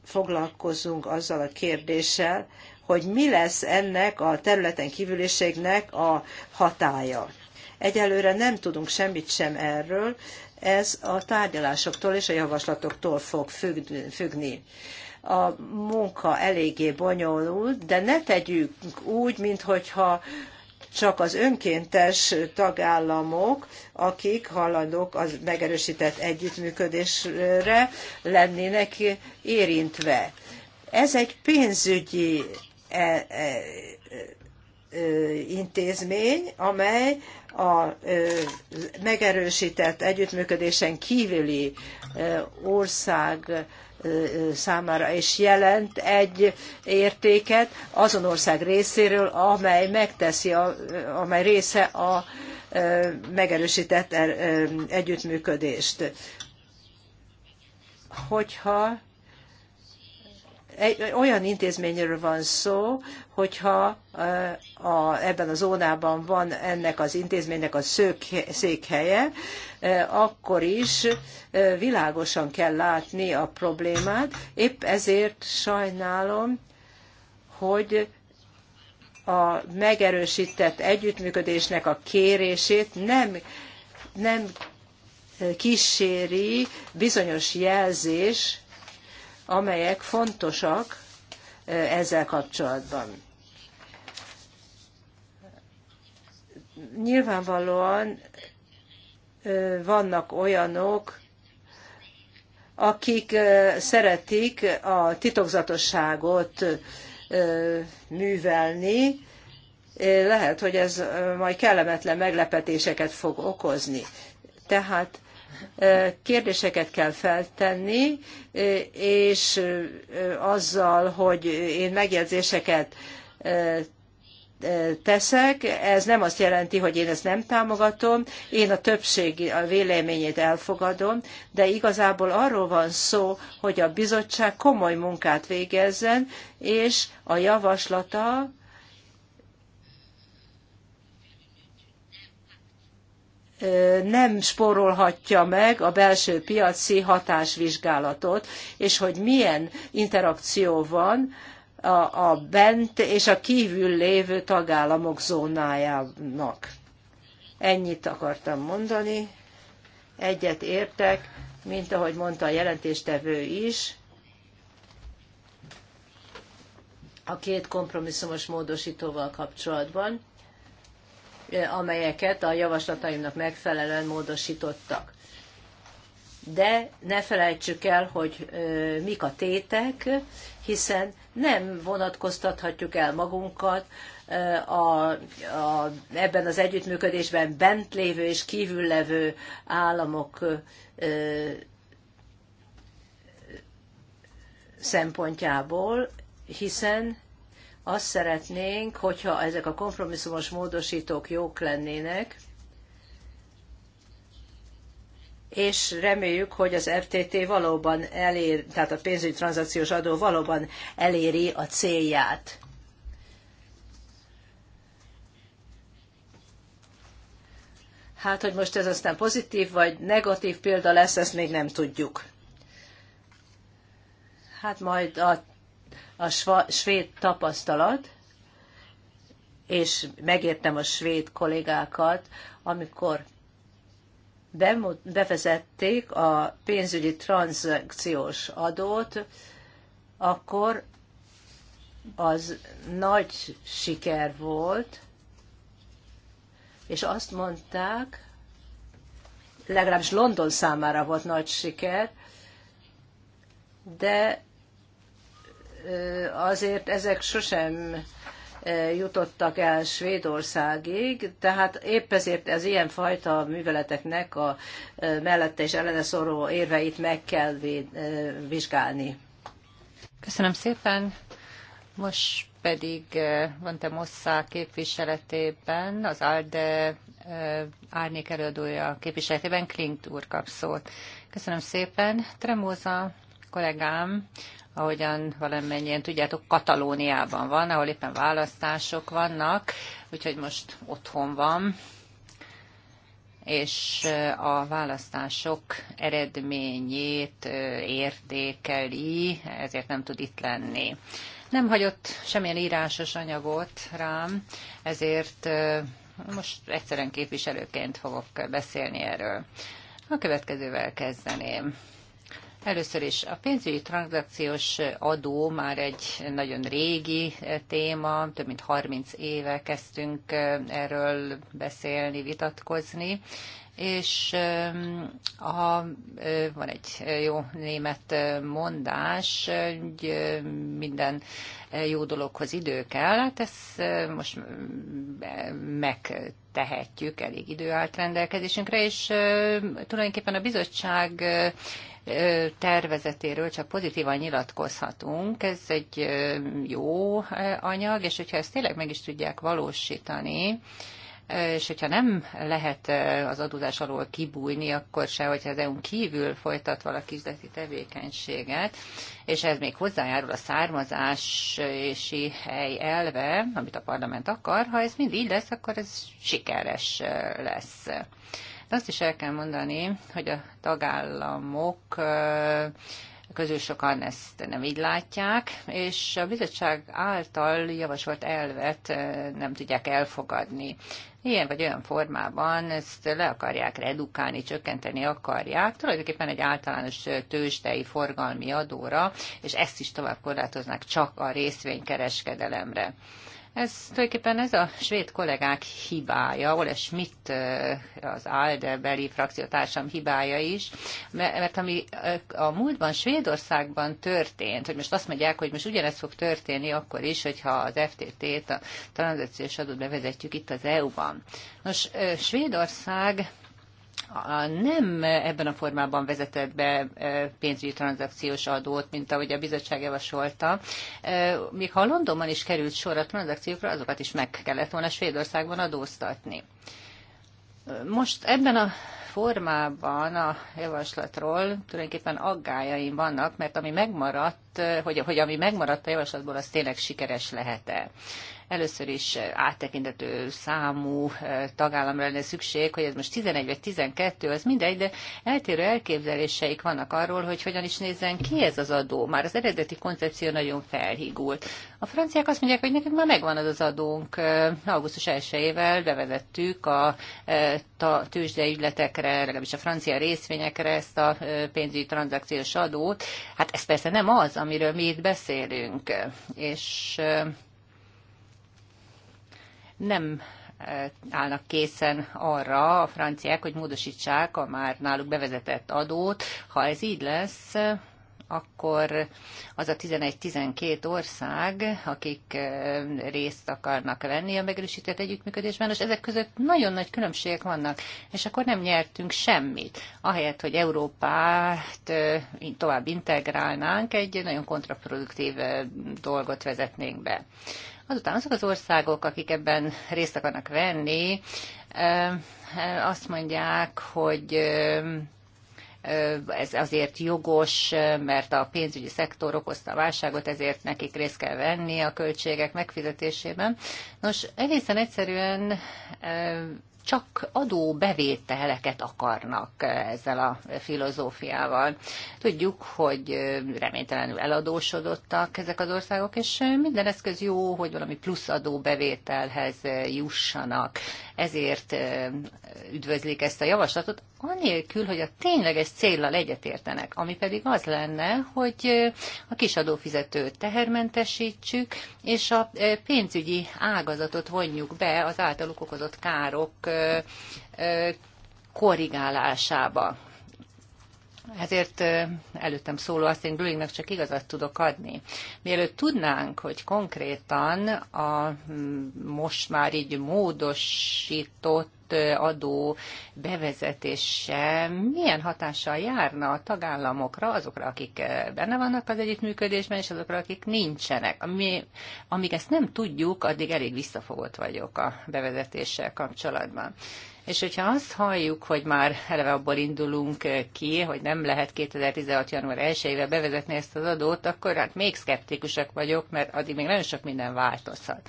foglalkozunk azzal a kérdéssel, hogy mi lesz ennek a területen kívüliségnek a hatája. Egyelőre nem tudunk semmit sem erről, ez a tárgyalásoktól és a javaslatoktól fog függni. A munka eléggé bonyolult, de ne tegyük úgy, mintha csak az önkéntes tagállamok, akik hallandók, az megerősített együttműködésre lennének érintve. Ez egy pénzügyi e, e, e, intézmény, amely a megerősített együttműködésen kívüli ország számára is jelent egy értéket azon ország részéről, amely megteszi, a, amely része a megerősített együttműködést. Hogyha egy, olyan intézményről van szó, hogyha a, ebben a zónában van ennek az intézménynek a székhelye, akkor is világosan kell látni a problémát. Épp ezért sajnálom, hogy a megerősített együttműködésnek a kérését nem, nem kíséri bizonyos jelzés, amelyek fontosak ezzel kapcsolatban. Nyilvánvalóan vannak olyanok, akik szeretik a titokzatosságot művelni, lehet, hogy ez majd kellemetlen meglepetéseket fog okozni. Tehát kérdéseket kell feltenni, és azzal, hogy én megjegyzéseket teszek, ez nem azt jelenti, hogy én ezt nem támogatom, én a többség a véleményét elfogadom, de igazából arról van szó, hogy a bizottság komoly munkát végezzen, és a javaslata nem spórolhatja meg a belső piaci hatásvizsgálatot, és hogy milyen interakció van a, bent és a kívül lévő tagállamok zónájának. Ennyit akartam mondani. Egyet értek, mint ahogy mondta a jelentéstevő is. a két kompromisszumos módosítóval kapcsolatban amelyeket a javaslataimnak megfelelően módosítottak. De ne felejtsük el, hogy mik a tétek, hiszen nem vonatkoztathatjuk el magunkat a, a, ebben az együttműködésben bent lévő és kívül levő államok szempontjából, hiszen azt szeretnénk, hogyha ezek a kompromisszumos módosítók jók lennének, és reméljük, hogy az FTT valóban elér, tehát a pénzügyi tranzakciós adó valóban eléri a célját. Hát, hogy most ez aztán pozitív vagy negatív példa lesz, ezt még nem tudjuk. Hát majd a a svéd tapasztalat, és megértem a svéd kollégákat, amikor bevezették a pénzügyi tranzakciós adót, akkor az nagy siker volt, és azt mondták, legalábbis London számára volt nagy siker, de azért ezek sosem jutottak el Svédországig, tehát épp ezért ez ilyenfajta műveleteknek a mellette és ellene szoró érveit meg kell vizsgálni. Köszönöm szépen. Most pedig van te Mosszá képviseletében, az ALDE árnyék előadója képviseletében Klingt úr kap szót. Köszönöm szépen. Tremóza kollégám ahogyan valamennyien tudjátok, Katalóniában van, ahol éppen választások vannak, úgyhogy most otthon van, és eh, a választások eredményét eh, értékeli, ezért nem tud itt lenni. Nem hagyott semmilyen írásos anyagot rám, ezért eh, most egyszerűen képviselőként fogok beszélni erről. A következővel kezdeném. Először is a pénzügyi tranzakciós adó már egy nagyon régi téma, több mint 30 éve kezdtünk erről beszélni, vitatkozni, és a, van egy jó német mondás, hogy minden jó dologhoz idő kell, hát ezt most meg tehetjük, elég idő állt rendelkezésünkre, és tulajdonképpen a bizottság tervezetéről csak pozitívan nyilatkozhatunk. Ez egy jó anyag, és hogyha ezt tényleg meg is tudják valósítani, és hogyha nem lehet az adózás alól kibújni, akkor se, hogyha az EU-n kívül folytat valaki üzleti tevékenységet, és ez még hozzájárul a származási hely elve, amit a parlament akar, ha ez mind így lesz, akkor ez sikeres lesz. De hát azt is el kell mondani, hogy a tagállamok közül sokan ezt nem így látják, és a bizottság által javasolt elvet nem tudják elfogadni. Ilyen vagy olyan formában ezt le akarják redukálni, csökkenteni akarják, tulajdonképpen egy általános tőzsdei forgalmi adóra, és ezt is tovább korlátoznák csak a részvénykereskedelemre. Ez tulajdonképpen ez a svéd kollégák hibája, Ole Schmidt az ALDE beli frakciótársam hibája is, mert ami a múltban Svédországban történt, hogy most azt mondják, hogy most ugyanez fog történni akkor is, hogyha az FTT-t, a tranzakciós adót bevezetjük itt az EU-ban. Nos, Svédország nem ebben a formában vezetett be e, pénzügyi tranzakciós adót, mint ahogy a bizottság javasolta. E, még ha Londonban is került sor a tranzakciókra, azokat is meg kellett volna Svédországban adóztatni. Most ebben a formában a javaslatról tulajdonképpen aggájaim vannak, mert ami megmaradt, hogy, hogy ami megmaradt a javaslatból, az tényleg sikeres lehet-e. Először is áttekintető számú eh, tagállamra lenne szükség, hogy ez most 11 vagy 12, az mindegy, de eltérő elképzeléseik vannak arról, hogy hogyan is nézzen ki ez az adó. Már az eredeti koncepció nagyon felhígult. A franciák azt mondják, hogy nekünk már megvan az az adónk. Eh, augusztus 1-ével bevezettük a eh, tőzsdeügyletekre, legalábbis a francia részvényekre ezt a pénzügyi tranzakciós adót. Hát ez persze nem az, amiről mi itt beszélünk. És nem e, állnak készen arra a franciák, hogy módosítsák a már náluk bevezetett adót. Ha ez így lesz, akkor az a 11-12 ország, akik e, részt akarnak venni a megerősített együttműködésben, és ezek között nagyon nagy különbségek vannak, és akkor nem nyertünk semmit. Ahelyett, hogy Európát e, tovább integrálnánk, egy nagyon kontraproduktív dolgot vezetnénk be. Azután azok az országok, akik ebben részt akarnak venni, azt mondják, hogy ez azért jogos, mert a pénzügyi szektor okozta a válságot, ezért nekik részt kell venni a költségek megfizetésében. Nos, egészen egyszerűen csak adóbevételeket akarnak ezzel a filozófiával. Tudjuk, hogy reménytelenül eladósodottak ezek az országok, és minden eszköz jó, hogy valami plusz adóbevételhez jussanak. Ezért üdvözlik ezt a javaslatot, anélkül, hogy a tényleges céllal egyetértenek, ami pedig az lenne, hogy a kis adófizetőt tehermentesítsük, és a pénzügyi ágazatot vonjuk be az általuk okozott károk korrigálásába. Ezért hát előttem szóló azt én Brewingnek csak igazat tudok adni. Mielőtt tudnánk, hogy konkrétan a mm, most már így módosított adó bevezetése milyen hatással járna a tagállamokra, azokra, akik benne vannak az együttműködésben, és azokra, akik nincsenek. Ami, amíg ezt nem tudjuk, addig elég visszafogott vagyok a bevezetéssel kapcsolatban. És hogyha azt halljuk, hogy már eleve abból indulunk eh, ki, hogy nem lehet 2016. január 1-ével bevezetni ezt az adót, akkor hát még szkeptikusak vagyok, mert addig még nagyon sok minden változhat.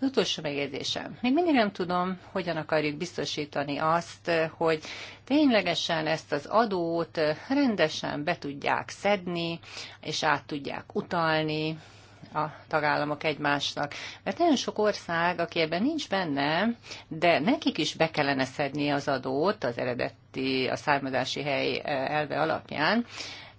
Az utolsó megjegyzésem. Még mindig nem tudom, hogyan akarjuk biztosítani azt, eh, hogy ténylegesen ezt az adót eh, rendesen be tudják szedni, és át tudják utalni, a tagállamok egymásnak. Mert nagyon sok ország, aki ebben nincs benne, de nekik is be kellene szedni az adót az eredeti, a származási hely eh, elve alapján.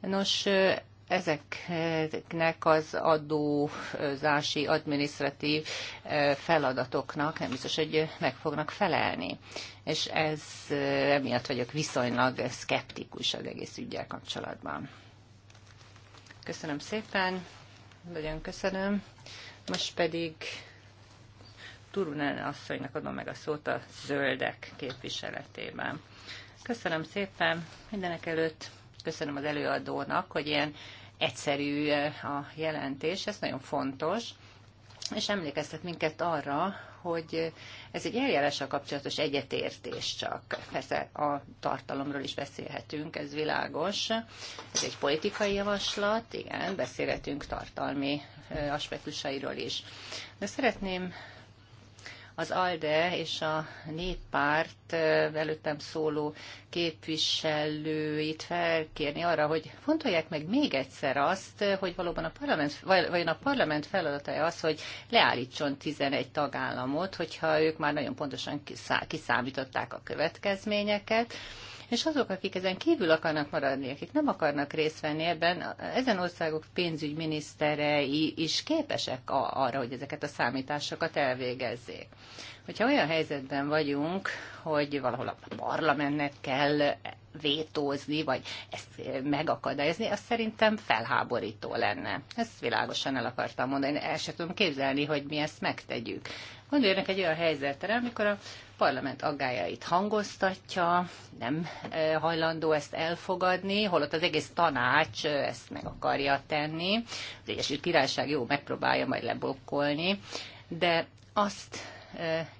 Nos, eh, ezeknek az adózási, administratív eh, feladatoknak nem biztos, hogy meg fognak felelni. És ez emiatt vagyok viszonylag szkeptikus az egész ügyel kapcsolatban. Köszönöm szépen! Nagyon köszönöm. Most pedig Turunen asszonynak adom meg a szót a zöldek képviseletében. Köszönöm szépen mindenek előtt. Köszönöm az előadónak, hogy ilyen egyszerű eh, a jelentés, ez nagyon fontos és emlékeztet minket arra, hogy ez egy eljárással kapcsolatos egyetértés csak. Persze a tartalomról is beszélhetünk, ez világos. Ez egy politikai javaslat, igen, beszélhetünk tartalmi aspektusairól is. De szeretném az ALDE és a néppárt előttem szóló képviselőit felkérni arra, hogy fontolják meg még egyszer azt, hogy valóban a parlament, vagy a parlament feladata az, hogy leállítson 11 tagállamot, hogyha ők már nagyon pontosan kiszámították a következményeket, és azok, akik ezen kívül akarnak maradni, akik nem akarnak részt venni ebben, ezen országok pénzügyminiszterei is képesek arra, hogy ezeket a számításokat elvégezzék. Hogyha olyan helyzetben vagyunk, hogy valahol a parlamentnek kell vétózni, vagy ezt megakadályozni, az szerintem felháborító lenne. Ezt világosan el akartam mondani, el sem tudom képzelni, hogy mi ezt megtegyük. Gondoljanak egy olyan helyzetre, amikor a parlament aggájait hangoztatja, nem hajlandó ezt elfogadni, holott az egész tanács ezt meg akarja tenni. Az Egyesült Királyság jó, megpróbálja majd leblokkolni, de azt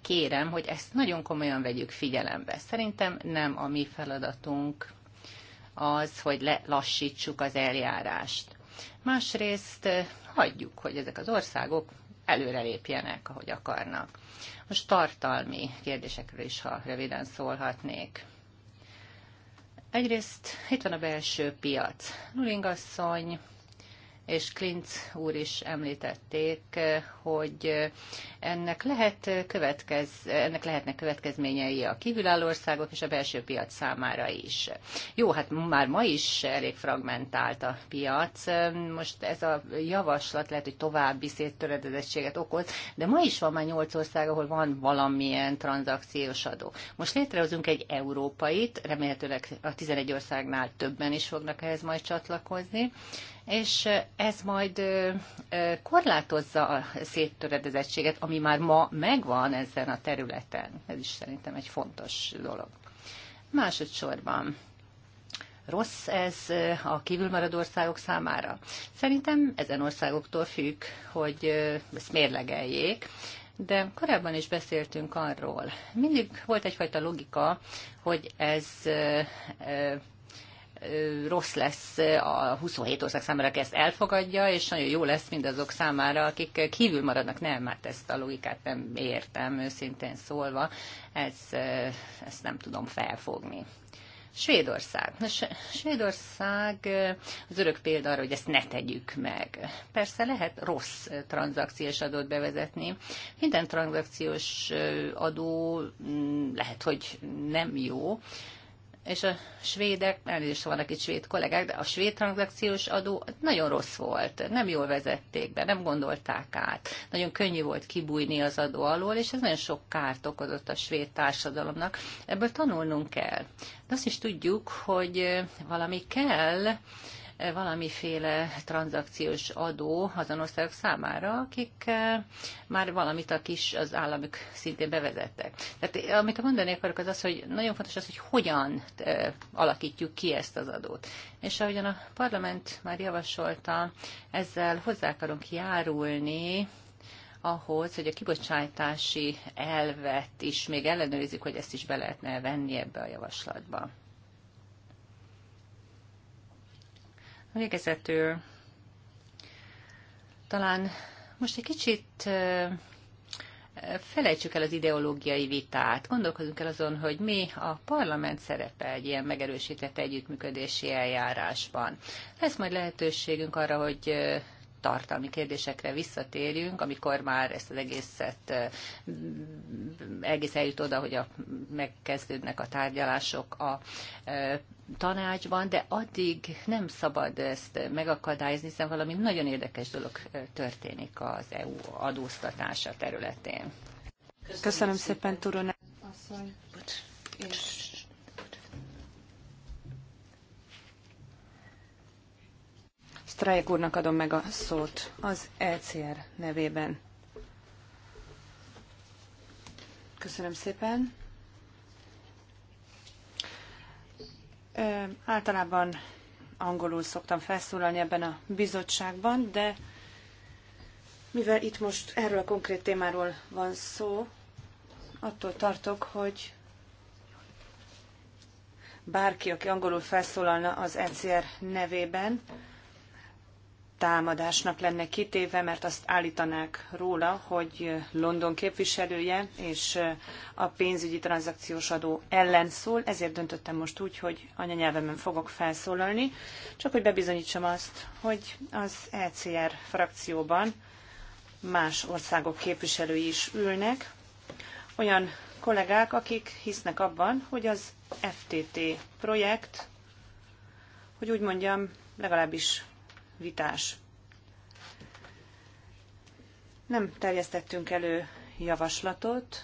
kérem, hogy ezt nagyon komolyan vegyük figyelembe. Szerintem nem a mi feladatunk az, hogy lelassítsuk az eljárást. Másrészt hagyjuk, hogy ezek az országok előrelépjenek, ahogy akarnak. Most tartalmi kérdésekről is, ha röviden szólhatnék. Egyrészt itt van a belső piac. Nulingasszony és Klinc úr is említették, hogy ennek, lehet következ, ennek lehetnek következményei a kívülálló országok és a belső piac számára is. Jó, hát már ma is elég fragmentált a piac. Most ez a javaslat lehet, hogy további széttöredezettséget okoz, de ma is van már nyolc ország, ahol van valamilyen tranzakciós adó. Most létrehozunk egy európait, remélhetőleg a 11 országnál többen is fognak ehhez majd csatlakozni, és ez majd korlátozza a széttöredezettséget, ami már ma megvan ezen a területen. Ez is szerintem egy fontos dolog. Másodszorban rossz ez a kívülmaradó országok számára? Szerintem ezen országoktól függ, hogy ezt mérlegeljék, de korábban is beszéltünk arról. Mindig volt egyfajta logika, hogy ez rossz lesz a 27 ország számára, aki ezt elfogadja, és nagyon jó lesz mindazok számára, akik kívül maradnak. Nem, mert hát ezt a logikát nem értem, őszintén szólva. Ez, ezt nem tudom felfogni. Svédország. Svédország az örök példa arra, hogy ezt ne tegyük meg. Persze lehet rossz tranzakciós adót bevezetni. Minden tranzakciós adó mm, lehet, hogy nem jó, és a svédek, elnézést vannak itt svéd kollégák, de a svéd tranzakciós adó nagyon rossz volt, nem jól vezették be, nem gondolták át. Nagyon könnyű volt kibújni az adó alól, és ez nagyon sok kárt okozott a svéd társadalomnak. Ebből tanulnunk kell. De azt is tudjuk, hogy valami kell, valamiféle tranzakciós adó azon országok számára, akik eh, már valamit a kis az államok szintén bevezettek. Tehát eh, amit mondani akarok az az, hogy nagyon fontos az, hogy hogyan eh, alakítjuk ki ezt az adót. És ahogyan a parlament már javasolta, ezzel hozzá akarunk járulni ahhoz, hogy a kibocsátási elvet is még ellenőrizzük, hogy ezt is be lehetne venni ebbe a javaslatba. Végezetül talán most egy kicsit felejtsük el az ideológiai vitát, gondolkozunk el azon, hogy mi a parlament szerepe egy ilyen megerősített együttműködési eljárásban. Lesz majd lehetőségünk arra, hogy tartalmi kérdésekre visszatérjünk, amikor már ezt az egészet egész eljut oda, hogy a, megkezdődnek a tárgyalások a tanácsban, de addig nem szabad ezt megakadályozni, hiszen valami nagyon érdekes dolog történik az EU adóztatása területén. Köszönöm, Köszönöm szépen, Turunen asszony. Bocs. És Strajek úrnak adom meg a szót az ECR nevében. Köszönöm szépen. Ö, általában angolul szoktam felszólalni ebben a bizottságban, de mivel itt most erről a konkrét témáról van szó, attól tartok, hogy bárki, aki angolul felszólalna az ECR nevében, támadásnak lenne kitéve, mert azt állítanák róla, hogy London képviselője és a pénzügyi tranzakciós adó ellen szól, ezért döntöttem most úgy, hogy anyanyelvemen fogok felszólalni, csak hogy bebizonyítsam azt, hogy az ECR frakcióban más országok képviselői is ülnek, olyan kollégák, akik hisznek abban, hogy az FTT projekt, hogy úgy mondjam, legalábbis vitás. Nem terjesztettünk elő javaslatot,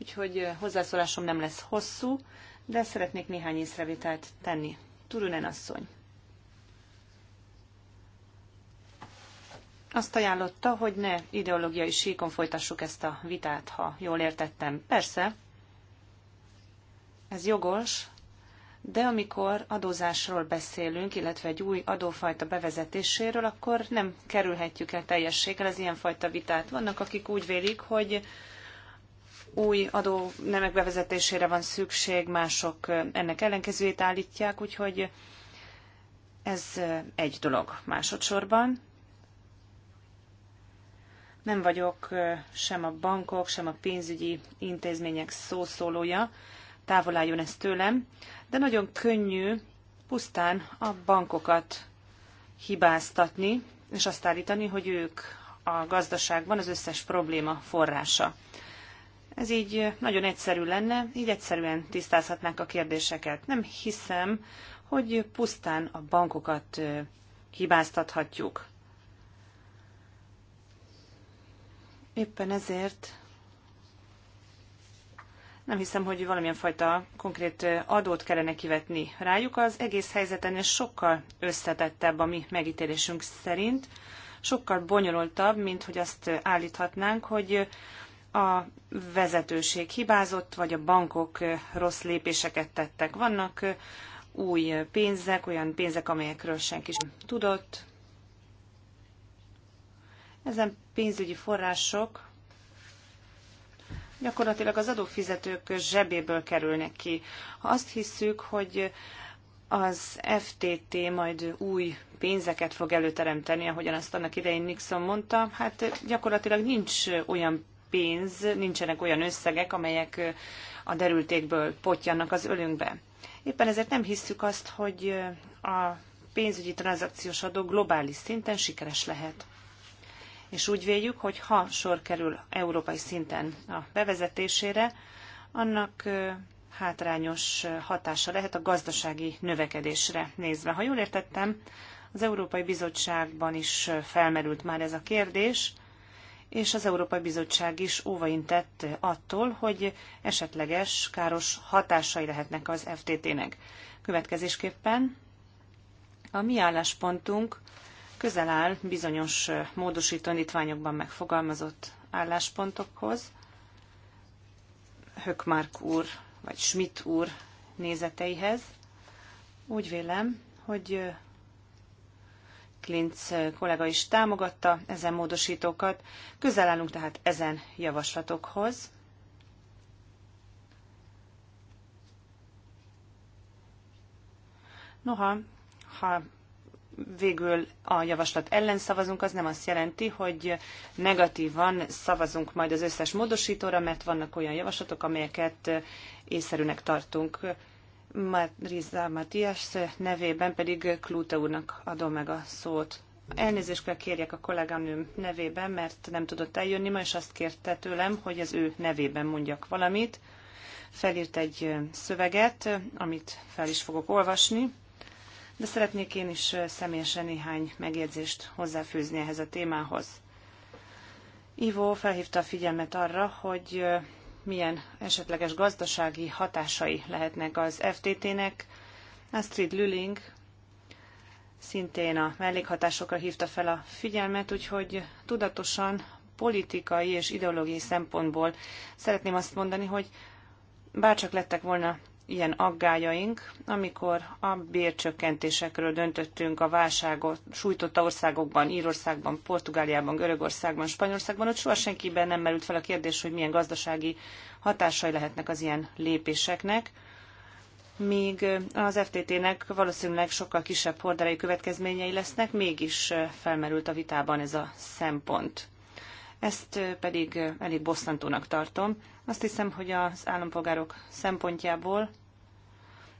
úgyhogy hozzászólásom nem lesz hosszú, de szeretnék néhány észrevételt tenni. Turunen asszony. Azt ajánlotta, hogy ne ideológiai síkon folytassuk ezt a vitát, ha jól értettem. Persze, ez jogos, de amikor adózásról beszélünk, illetve egy új adófajta bevezetéséről, akkor nem kerülhetjük el teljességgel az ilyenfajta vitát. Vannak, akik úgy vélik, hogy új adó nemek bevezetésére van szükség, mások ennek ellenkezőjét állítják, úgyhogy ez egy dolog. Másodszorban nem vagyok sem a bankok, sem a pénzügyi intézmények szószólója, távol álljon ez tőlem, de nagyon könnyű pusztán a bankokat hibáztatni, és azt állítani, hogy ők a gazdaságban az összes probléma forrása. Ez így nagyon egyszerű lenne, így egyszerűen tisztázhatnánk a kérdéseket. Nem hiszem, hogy pusztán a bankokat hibáztathatjuk. Éppen ezért nem hiszem, hogy valamilyen fajta konkrét adót kellene kivetni rájuk. Az egész helyzet és sokkal összetettebb a mi megítélésünk szerint, sokkal bonyolultabb, mint hogy azt állíthatnánk, hogy a vezetőség hibázott, vagy a bankok rossz lépéseket tettek. Vannak új pénzek, olyan pénzek, amelyekről senki sem tudott. Ezen pénzügyi források gyakorlatilag az adófizetők zsebéből kerülnek ki. Ha azt hisszük, hogy az FTT majd új pénzeket fog előteremteni, ahogyan azt annak idején Nixon mondta, hát gyakorlatilag nincs olyan pénz, nincsenek olyan összegek, amelyek a derültékből potjannak az ölünkbe. Éppen ezért nem hisszük azt, hogy a pénzügyi tranzakciós adó globális szinten sikeres lehet és úgy véljük, hogy ha sor kerül európai szinten a bevezetésére, annak hátrányos hatása lehet a gazdasági növekedésre nézve. Ha jól értettem, az Európai Bizottságban is felmerült már ez a kérdés, és az Európai Bizottság is óvaintett attól, hogy esetleges káros hatásai lehetnek az FTT-nek. Következésképpen a mi álláspontunk közel áll bizonyos módosító indítványokban megfogalmazott álláspontokhoz. Hökmark úr, vagy Schmidt úr nézeteihez. Úgy vélem, hogy Klinc kollega is támogatta ezen módosítókat. Közel állunk tehát ezen javaslatokhoz. Noha, ha végül a javaslat ellen szavazunk, az nem azt jelenti, hogy negatívan szavazunk majd az összes módosítóra, mert vannak olyan javaslatok, amelyeket észszerűnek tartunk. Mariza Matias nevében pedig Klúta úrnak adom meg a szót. Elnézést kell kérjek a kolléganőm nevében, mert nem tudott eljönni ma, és azt kérte tőlem, hogy az ő nevében mondjak valamit. Felírt egy szöveget, amit fel is fogok olvasni de szeretnék én is személyesen néhány megjegyzést hozzáfűzni ehhez a témához. Ivo felhívta a figyelmet arra, hogy milyen esetleges gazdasági hatásai lehetnek az FTT-nek. Astrid Lüling szintén a mellékhatásokra hívta fel a figyelmet, úgyhogy tudatosan politikai és ideológiai szempontból szeretném azt mondani, hogy bárcsak lettek volna ilyen aggájaink, amikor a bércsökkentésekről döntöttünk a válságot sújtotta országokban, Írországban, Portugáliában, Görögországban, Spanyolországban, ott soha senkiben nem merült fel a kérdés, hogy milyen gazdasági hatásai lehetnek az ilyen lépéseknek, míg az FTT-nek valószínűleg sokkal kisebb horderejű következményei lesznek, mégis felmerült a vitában ez a szempont. Ezt pedig elég bosszantónak tartom. Azt hiszem, hogy az állampolgárok szempontjából,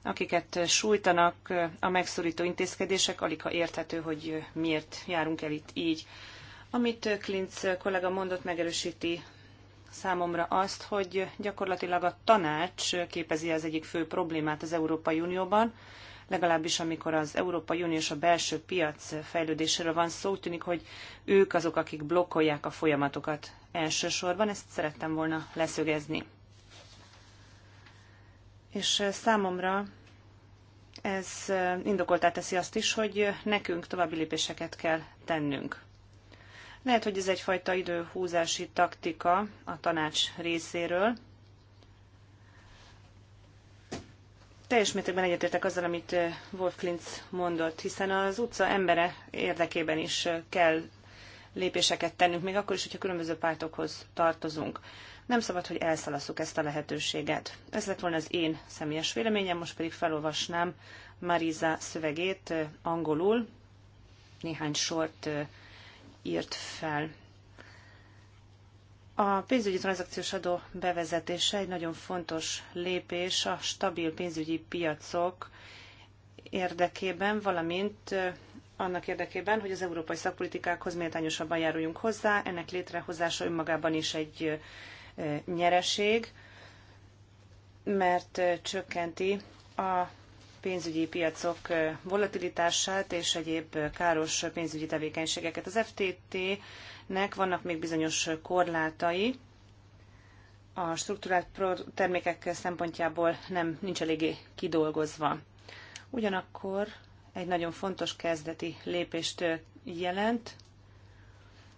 akiket sújtanak a megszorító intézkedések, alig ha érthető, hogy miért járunk el itt így. Amit Klinc kollega mondott, megerősíti számomra azt, hogy gyakorlatilag a tanács képezi az egyik fő problémát az Európai Unióban, legalábbis amikor az Európai Unió és a belső piac fejlődéséről van szó, úgy tűnik, hogy ők azok, akik blokkolják a folyamatokat elsősorban. Ezt szerettem volna leszögezni. És számomra ez indokoltá teszi azt is, hogy nekünk további lépéseket kell tennünk. Lehet, hogy ez egyfajta időhúzási taktika a tanács részéről, teljes mértékben egyetértek azzal, amit Wolf Klintz mondott, hiszen az utca embere érdekében is kell lépéseket tennünk, még akkor is, hogyha különböző pártokhoz tartozunk. Nem szabad, hogy elszalasszuk ezt a lehetőséget. Ez lett volna az én személyes véleményem, most pedig felolvasnám Mariza szövegét angolul. Néhány sort írt fel. A pénzügyi tranzakciós adó bevezetése egy nagyon fontos lépés a stabil pénzügyi piacok érdekében, valamint annak érdekében, hogy az európai szakpolitikákhoz méltányosabban járuljunk hozzá. Ennek létrehozása önmagában is egy nyereség, mert csökkenti a pénzügyi piacok volatilitását és egyéb káros pénzügyi tevékenységeket. Az FTT nek vannak még bizonyos korlátai. A struktúrált termékek szempontjából nem nincs eléggé kidolgozva. Ugyanakkor egy nagyon fontos kezdeti lépést jelent,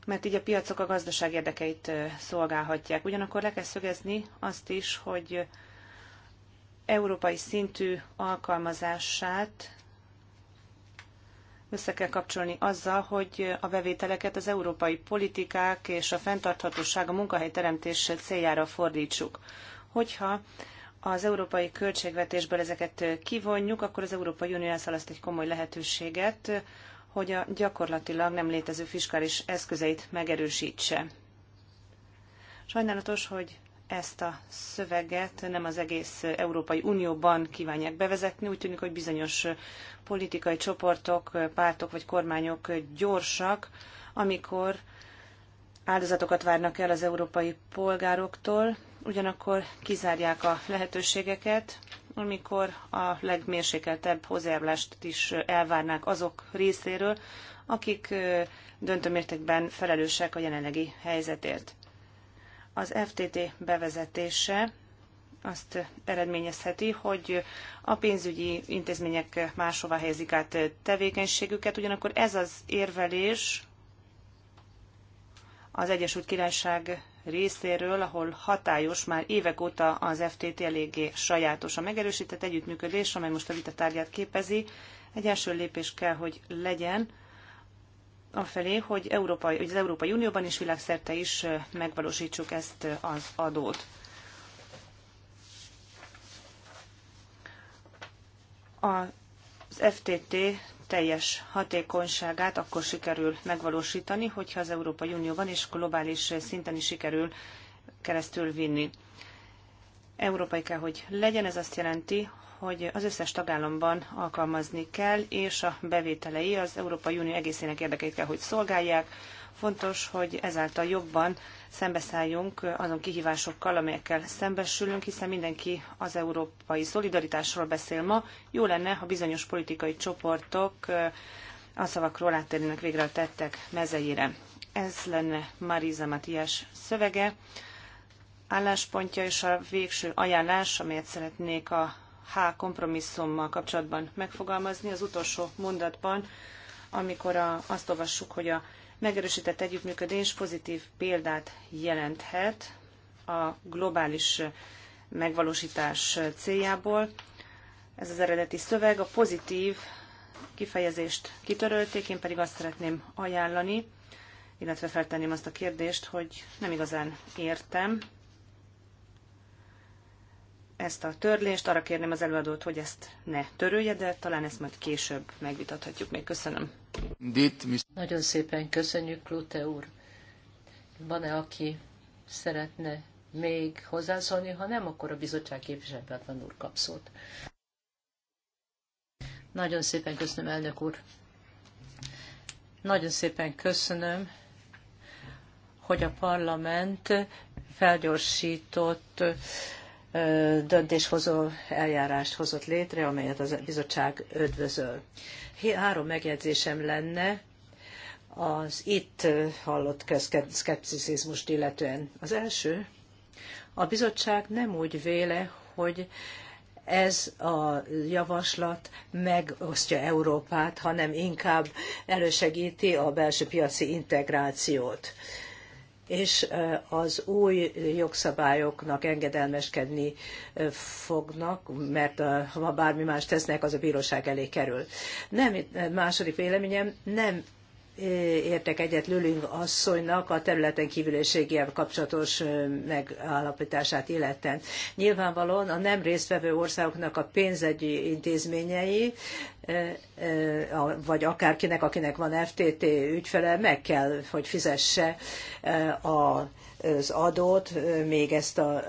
mert így a piacok a gazdaság érdekeit szolgálhatják. Ugyanakkor le kell szögezni azt is, hogy európai szintű alkalmazását össze kell kapcsolni azzal, hogy a bevételeket az európai politikák és a fenntarthatóság a munkahelyteremtés céljára fordítsuk. Hogyha az európai költségvetésből ezeket kivonjuk, akkor az Európai Unió elszalaszt egy komoly lehetőséget, hogy a gyakorlatilag nem létező fiskális eszközeit megerősítse. Sajnálatos, hogy ezt a szöveget nem az egész Európai Unióban kívánják bevezetni. Úgy tűnik, hogy bizonyos politikai csoportok, pártok vagy kormányok gyorsak, amikor áldozatokat várnak el az európai polgároktól, ugyanakkor kizárják a lehetőségeket, amikor a legmérsékeltebb hozzájárulást is elvárnák azok részéről, akik döntő mértékben felelősek a jelenlegi helyzetért. Az FTT bevezetése azt eredményezheti, hogy a pénzügyi intézmények máshova helyezik át tevékenységüket, ugyanakkor ez az érvelés az Egyesült Királyság részéről, ahol hatályos már évek óta az FTT eléggé sajátos a megerősített együttműködés, amely most a vita tárgyát képezi. Egy első lépés kell, hogy legyen afelé, hogy, Európai, hogy az Európai Unióban és világszerte is megvalósítsuk ezt az adót. Az FTT teljes hatékonyságát akkor sikerül megvalósítani, hogyha az Európai Unióban és globális szinten is sikerül keresztül vinni európai kell, hogy legyen. Ez azt jelenti, hogy az összes tagállamban alkalmazni kell, és a bevételei az Európai Unió egészének érdekeit kell, hogy szolgálják. Fontos, hogy ezáltal jobban szembeszálljunk azon kihívásokkal, amelyekkel szembesülünk, hiszen mindenki az európai szolidaritásról beszél ma. Jó lenne, ha bizonyos politikai csoportok a szavakról áttérnének végre a tettek mezejére. Ez lenne Marisa Matias szövege álláspontja és a végső ajánlás, amelyet szeretnék a H kompromisszummal kapcsolatban megfogalmazni, az utolsó mondatban, amikor a, azt olvassuk, hogy a megerősített együttműködés pozitív példát jelenthet a globális megvalósítás céljából. Ez az eredeti szöveg, a pozitív kifejezést kitörölték, én pedig azt szeretném ajánlani, illetve feltenném azt a kérdést, hogy nem igazán értem, ezt a törlést. Arra kérném az előadót, hogy ezt ne törölje, de talán ezt majd később megvitathatjuk még. Köszönöm. Nagyon szépen köszönjük, Klute úr. Van-e, aki szeretne még hozzászólni? Ha nem, akkor a bizottság képviselőtlen úr kap szót. Nagyon szépen köszönöm, elnök úr. Nagyon szépen köszönöm, hogy a parlament felgyorsított döntéshozó eljárást hozott létre, amelyet a bizottság ödvözöl. Három megjegyzésem lenne az itt hallott szkepticizmust illetően. Az első, a bizottság nem úgy véle, hogy ez a javaslat megosztja Európát, hanem inkább elősegíti a belső piaci integrációt és az új jogszabályoknak engedelmeskedni fognak, mert ha bármi más tesznek, az a bíróság elé kerül. Nem, második véleményem, nem értek egyet Lülünk asszonynak a területen kívüliségével kapcsolatos megállapítását illeten. Nyilvánvalóan a nem résztvevő országoknak a pénzügyi intézményei, vagy akárkinek, akinek van FTT ügyfele, meg kell, hogy fizesse az adót, még ezt a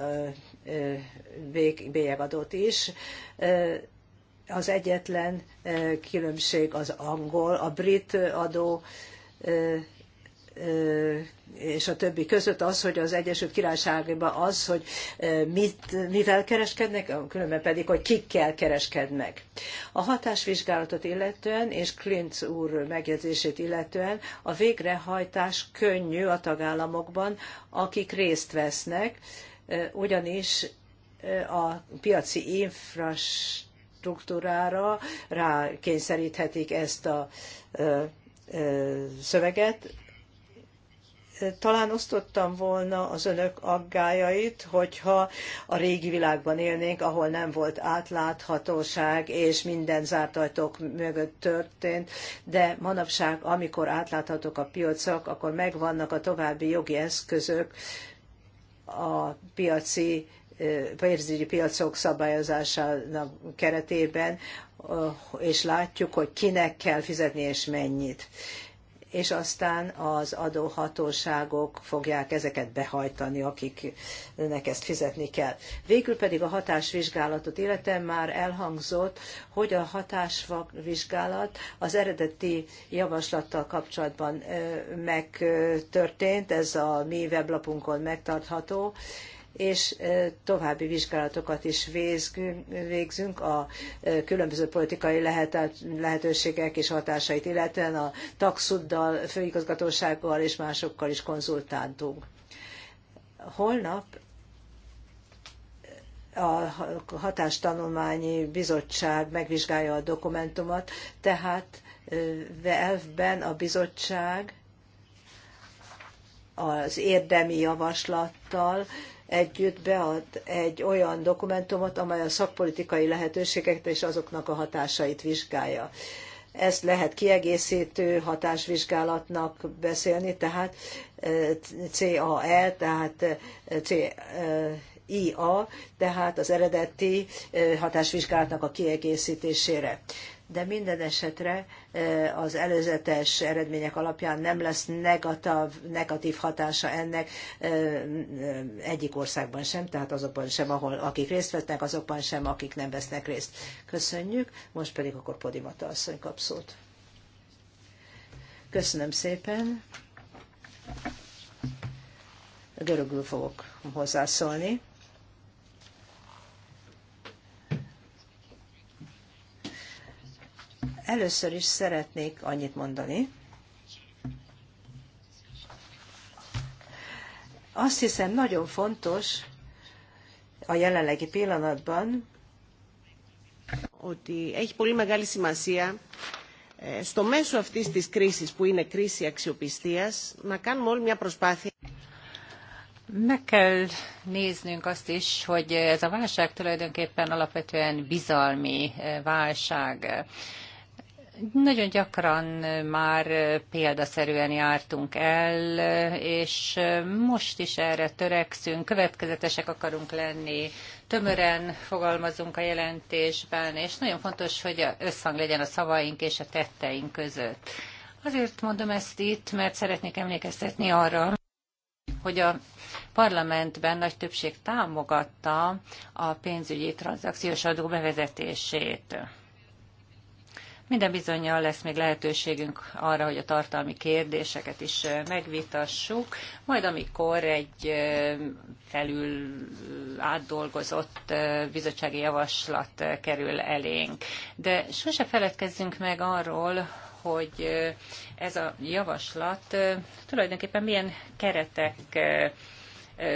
bélyegadót is az egyetlen különbség az angol, a brit adó és a többi között az, hogy az Egyesült Királyságban az, hogy mit, mivel kereskednek, különben pedig, hogy kikkel kereskednek. A hatásvizsgálatot illetően, és Klintz úr megjegyzését illetően a végrehajtás könnyű a tagállamokban, akik részt vesznek, ugyanis a piaci infrastruktúra struktúrára rákényszeríthetik ezt a szöveget. Talán osztottam volna az önök aggájait, hogyha a régi világban élnénk, ahol nem volt átláthatóság, és minden zárt ajtók mögött történt, de manapság, amikor átláthatók a piacok, akkor megvannak a további jogi eszközök a piaci pénzügyi piacok szabályozásának keretében, és látjuk, hogy kinek kell fizetni és mennyit. És aztán az adóhatóságok fogják ezeket behajtani, akiknek ezt fizetni kell. Végül pedig a hatásvizsgálatot illetve már elhangzott, hogy a hatásvizsgálat az eredeti javaslattal kapcsolatban megtörtént, ez a mi weblapunkon megtartható, és további vizsgálatokat is végzünk a különböző politikai lehetőségek és hatásait, illetően a taxuddal, főigazgatósággal és másokkal is konzultáltunk. Holnap a hatástanulmányi bizottság megvizsgálja a dokumentumot, tehát elfben a bizottság az érdemi javaslattal együtt bead egy olyan dokumentumot, amely a szakpolitikai lehetőségeket és azoknak a hatásait vizsgálja. Ezt lehet kiegészítő hatásvizsgálatnak beszélni, tehát eh, CAE, tehát eh, CIA, tehát az eredeti eh, hatásvizsgálatnak a kiegészítésére de minden esetre e, az előzetes eredmények alapján nem lesz negatív, negatív hatása ennek e, e, egyik országban sem, tehát azokban sem, ahol akik részt vesznek, azokban sem, akik nem vesznek részt. Köszönjük, most pedig akkor Podimata asszony kap szót. Köszönöm szépen. Görögül fogok hozzászólni. Először is szeretnék annyit mondani, azt hiszem nagyon fontos a jelenlegi pillanatban, ότι έχει πολύ μεγάλη σημασία στο μέσο αυτής της κρίσης που είναι κρίση αξιοπιστίας να κάνουμε όλη μια προσπάθεια meg kell néznünk azt is, hogy ez a válság tulajdonképpen alapvetően bizalmi eh, válság. Nagyon gyakran már példaszerűen jártunk el, és most is erre törekszünk, következetesek akarunk lenni, tömören fogalmazunk a jelentésben, és nagyon fontos, hogy összhang legyen a szavaink és a tetteink között. Azért mondom ezt itt, mert szeretnék emlékeztetni arra, hogy a parlamentben nagy többség támogatta a pénzügyi tranzakciós adó bevezetését. Minden bizonyal lesz még lehetőségünk arra, hogy a tartalmi kérdéseket is megvitassuk, majd amikor egy felül átdolgozott bizottsági javaslat kerül elénk. De sose feledkezzünk meg arról, hogy ez a javaslat tulajdonképpen milyen keretek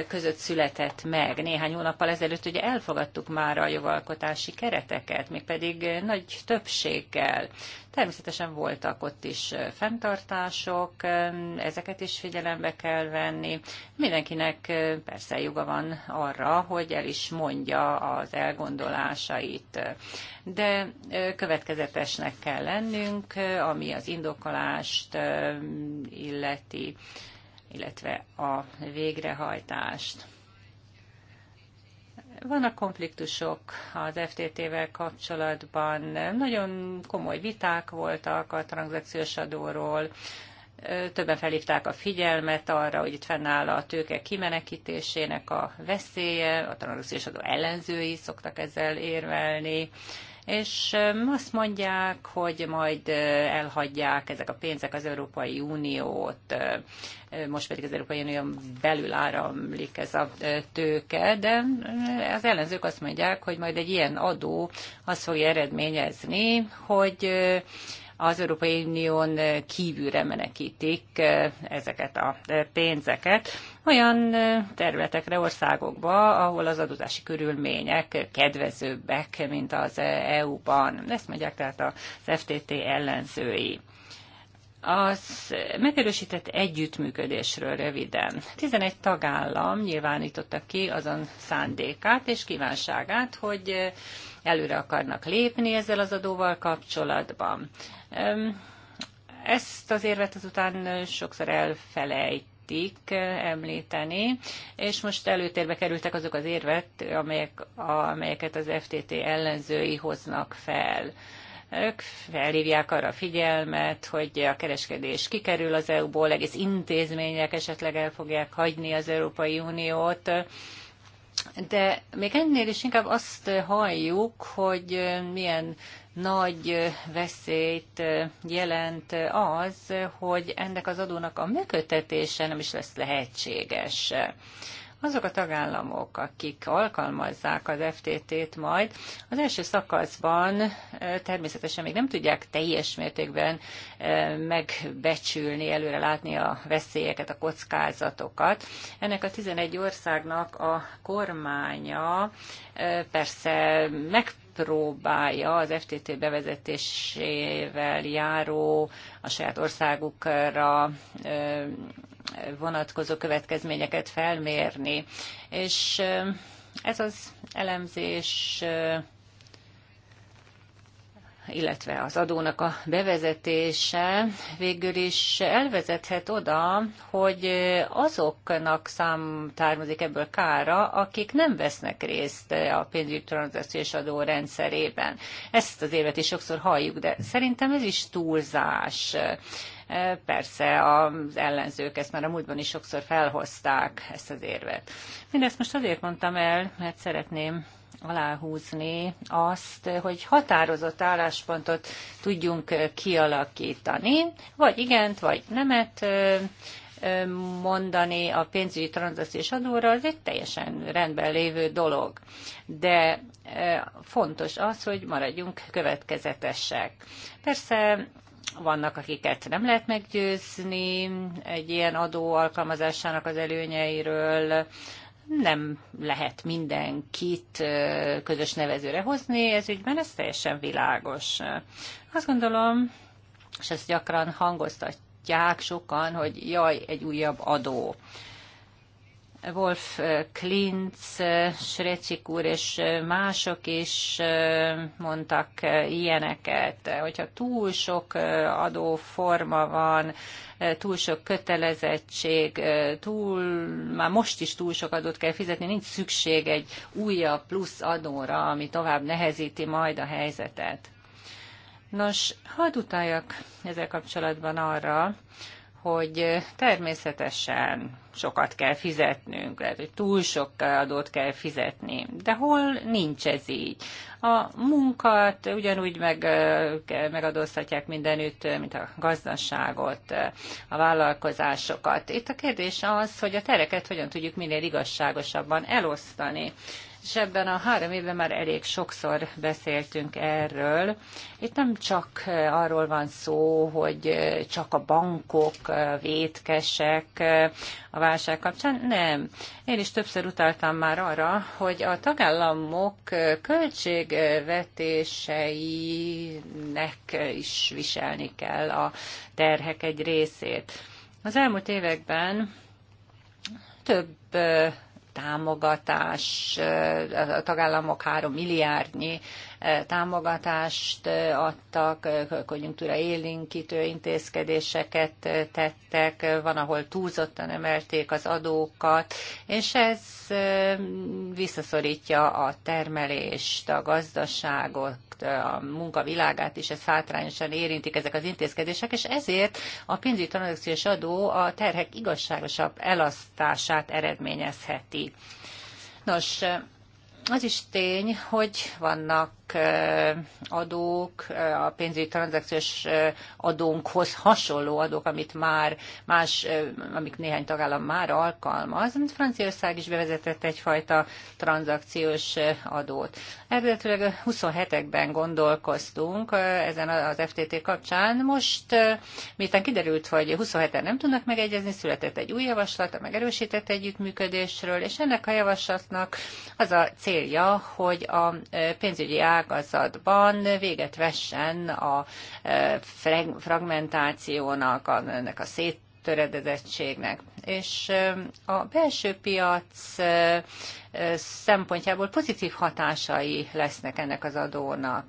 között született meg. Néhány hónappal ezelőtt ugye elfogadtuk már a jogalkotási kereteket, mégpedig nagy többséggel. Természetesen voltak ott is fenntartások, ezeket is figyelembe kell venni. Mindenkinek persze joga van arra, hogy el is mondja az elgondolásait. De következetesnek kell lennünk, ami az indokolást illeti illetve a végrehajtást. Vannak konfliktusok az FTT-vel kapcsolatban, nagyon komoly viták voltak a tranzakciós adóról, többen felhívták a figyelmet arra, hogy itt fennáll a tőke kimenekítésének a veszélye, a tranzakciós adó ellenzői szoktak ezzel érvelni, és um, azt mondják, hogy majd uh, elhagyják ezek a pénzek az Európai Uniót, uh, uh, most pedig az Európai unió belül áramlik ez a tőke, de az ellenzők azt mondják, hogy majd egy ilyen adó azt fogja eredményezni, hogy az Európai Unión kívülre menekítik ezeket a pénzeket olyan területekre, országokba, ahol az adózási körülmények kedvezőbbek, mint az EU-ban. Ezt mondják tehát az FTT ellenzői. Az megerősített együttműködésről röviden. 11 tagállam nyilvánította ki azon szándékát és kívánságát, hogy előre akarnak lépni ezzel az adóval kapcsolatban. Ezt az érvet azután sokszor elfelejt szeretik eh, említeni, és most előtérbe kerültek azok az érvek, amelyek, amelyeket az FTT ellenzői hoznak fel ők felhívják arra a figyelmet, hogy a kereskedés kikerül az EU-ból, egész intézmények esetleg el fogják hagyni az Európai Uniót, de még ennél is inkább azt halljuk, hogy milyen nagy veszélyt jelent az, hogy ennek az adónak a működtetése nem is lesz lehetséges azok a tagállamok, akik alkalmazzák az FTT-t majd, az első szakaszban természetesen még nem tudják teljes mértékben megbecsülni, előre látni a veszélyeket, a kockázatokat. Ennek a 11 országnak a kormánya persze meg próbálja az FTT bevezetésével járó, a saját országukra vonatkozó következményeket felmérni. És ez az elemzés illetve az adónak a bevezetése végül is elvezethet oda, hogy azoknak szám származik ebből kára, akik nem vesznek részt a pénzügyi tranzakciós adó rendszerében. Ezt az évet is sokszor halljuk, de szerintem ez is túlzás. E, persze az ellenzők ezt már a múltban is sokszor felhozták, ezt az érvet. Mindezt most azért mondtam el, mert szeretném aláhúzni azt, hogy határozott álláspontot tudjunk kialakítani, vagy igent, vagy nemet mondani a pénzügyi tranzakciós adóra, az egy teljesen rendben lévő dolog. De fontos az, hogy maradjunk következetesek. Persze vannak, akiket nem lehet meggyőzni egy ilyen adó alkalmazásának az előnyeiről, nem lehet mindenkit közös nevezőre hozni ez ügyben, ez teljesen világos. Azt gondolom, és ezt gyakran hangoztatják sokan, hogy jaj, egy újabb adó. Wolf eh, Klintz, eh, Srecsik úr és eh, mások is mondtak ilyeneket, hogyha túl sok adóforma van, túl sok kötelezettség, túl, már most is túl sok adót kell fizetni, nincs szükség egy újabb plusz adóra, ami tovább nehezíti majd a helyzetet. Nos, hadd utaljak ezzel kapcsolatban arra, hogy természetesen sokat kell fizetnünk, lehet, hogy túl sok adót kell fizetni, de hol nincs ez így? A munkat ugyanúgy meg, megadóztatják mindenütt, mint a gazdaságot, a vállalkozásokat. Itt a kérdés az, hogy a tereket hogyan tudjuk minél igazságosabban elosztani és ebben a három évben már elég sokszor beszéltünk erről. Itt nem csak arról van szó, hogy csak a bankok vétkesek a válság kapcsán, nem. Én is többször utaltam már arra, hogy a tagállamok költségvetéseinek is viselni kell a terhek egy részét. Az elmúlt években több támogatás, a tagállamok három milliárdnyi támogatást adtak, konjunktúra élénkítő intézkedéseket tettek, van, ahol túlzottan emelték az adókat, és ez visszaszorítja a termelést, a gazdaságot, a munkavilágát is, ez hátrányosan érintik ezek az intézkedések, és ezért a pénzügyi tranzakciós adó a terhek igazságosabb elasztását eredményezheti. Nos, az is tény, hogy vannak adók, a pénzügyi tranzakciós adónkhoz hasonló adók, amit már más, amik néhány tagállam már alkalmaz, mint Franciaország is bevezetett egyfajta tranzakciós adót. Eredetileg 27-ekben gondolkoztunk ezen az FTT kapcsán. Most, miután kiderült, hogy 27-en nem tudnak megegyezni, született egy új javaslat, a megerősített együttműködésről, és ennek a javaslatnak az a célja, hogy a pénzügyi ág ágazatban véget vessen a e, fragmentációnak, ennek a szét töredezettségnek. És e, a belső piac e, szempontjából pozitív hatásai lesznek ennek az adónak.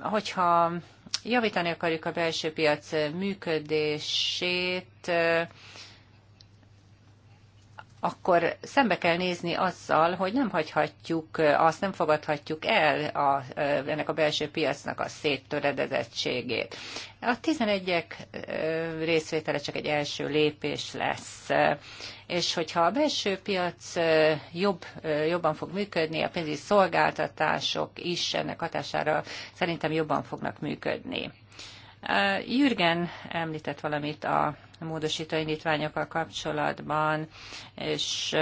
Hogyha javítani akarjuk a belső piac működését, akkor szembe kell nézni azzal, hogy nem hagyhatjuk, eh, azt nem fogadhatjuk el a, eh, ennek a belső piacnak a széttöredezettségét. A 11-ek eh, részvétele csak egy első lépés lesz, és hogyha a belső piac jobb, jobban fog működni, a pénzügyi szolgáltatások is ennek hatására szerintem jobban fognak működni. Jürgen említett valamit a módosító indítványokkal kapcsolatban, és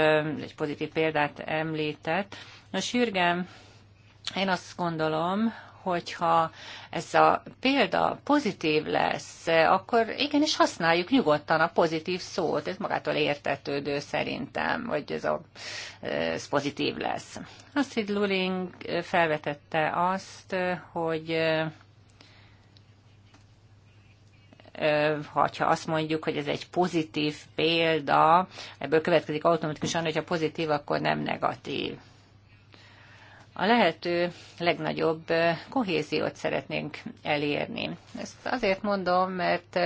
egy pozitív példát említett. Nos, Jürgen, én azt gondolom, hogyha ez a példa pozitív lesz, akkor igenis használjuk nyugodtan a pozitív szót. Ez magától értetődő szerintem, hogy ez, a, ez pozitív lesz. Azt Luling felvetette azt, hogy ha azt mondjuk, hogy ez egy pozitív példa, ebből következik automatikusan, hogyha pozitív, akkor nem negatív. A lehető legnagyobb kohéziót szeretnénk elérni. Ezt azért mondom, mert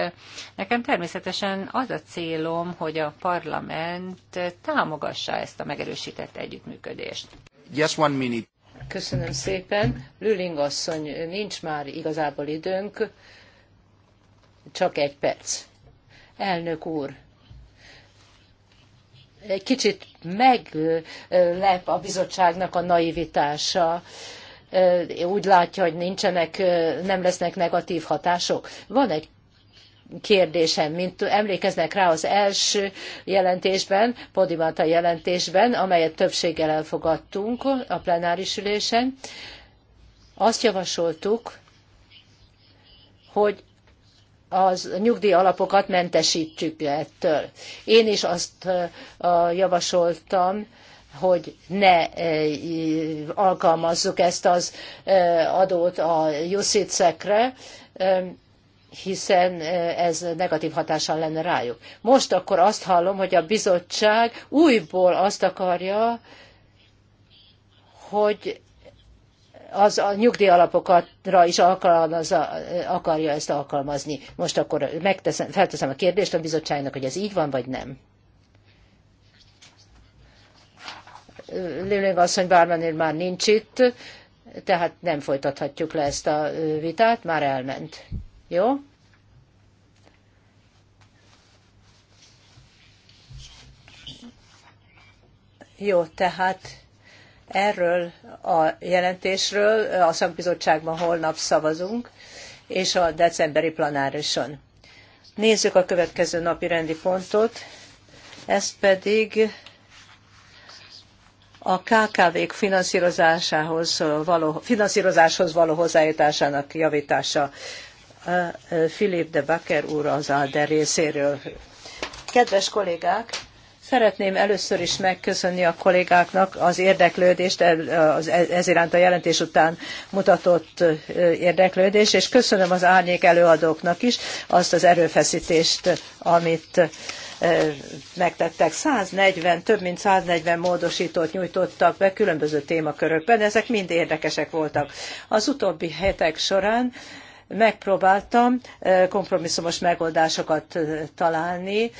nekem természetesen az a célom, hogy a parlament támogassa ezt a megerősített együttműködést. Just one minute. Köszönöm szépen. Lüling asszony, nincs már igazából időnk csak egy perc. Elnök úr, egy kicsit meglep a bizottságnak a naivitása úgy látja, hogy nincsenek, nem lesznek negatív hatások. Van egy kérdésem, mint emlékeznek rá az első jelentésben, Podimata jelentésben, amelyet többséggel elfogadtunk a plenáris ülésen, azt javasoltuk, hogy az nyugdíj alapokat mentesítjük ettől. Én is azt javasoltam, hogy ne alkalmazzuk ezt az adót a jusszicekre, hiszen ez negatív hatással lenne rájuk. Most akkor azt hallom, hogy a bizottság újból azt akarja, hogy az a nyugdíjalapokra is akarja ezt alkalmazni. Most akkor megteszem, felteszem a kérdést a bizottságnak, hogy ez így van, vagy nem. Lőlénk asszony Bármanél már nincs itt, tehát nem folytathatjuk le ezt a vitát, már elment. Jó? Jó, tehát Erről a jelentésről a szakbizottságban holnap szavazunk, és a decemberi plenárison. Nézzük a következő napi rendi pontot, ez pedig a KKV-k finanszírozásához való, finanszírozáshoz való hozzájutásának javítása. Filip de Baker úr az ALDE részéről. Kedves kollégák, Szeretném először is megköszönni a kollégáknak az érdeklődést, e, ez iránt a jelentés után mutatott érdeklődést, és köszönöm az árnyék előadóknak is azt az erőfeszítést, amit megtettek. 140, több mint 140 módosítót nyújtottak be különböző témakörökben, ezek mind érdekesek voltak. Az utóbbi hetek során megpróbáltam kompromisszumos megoldásokat találni,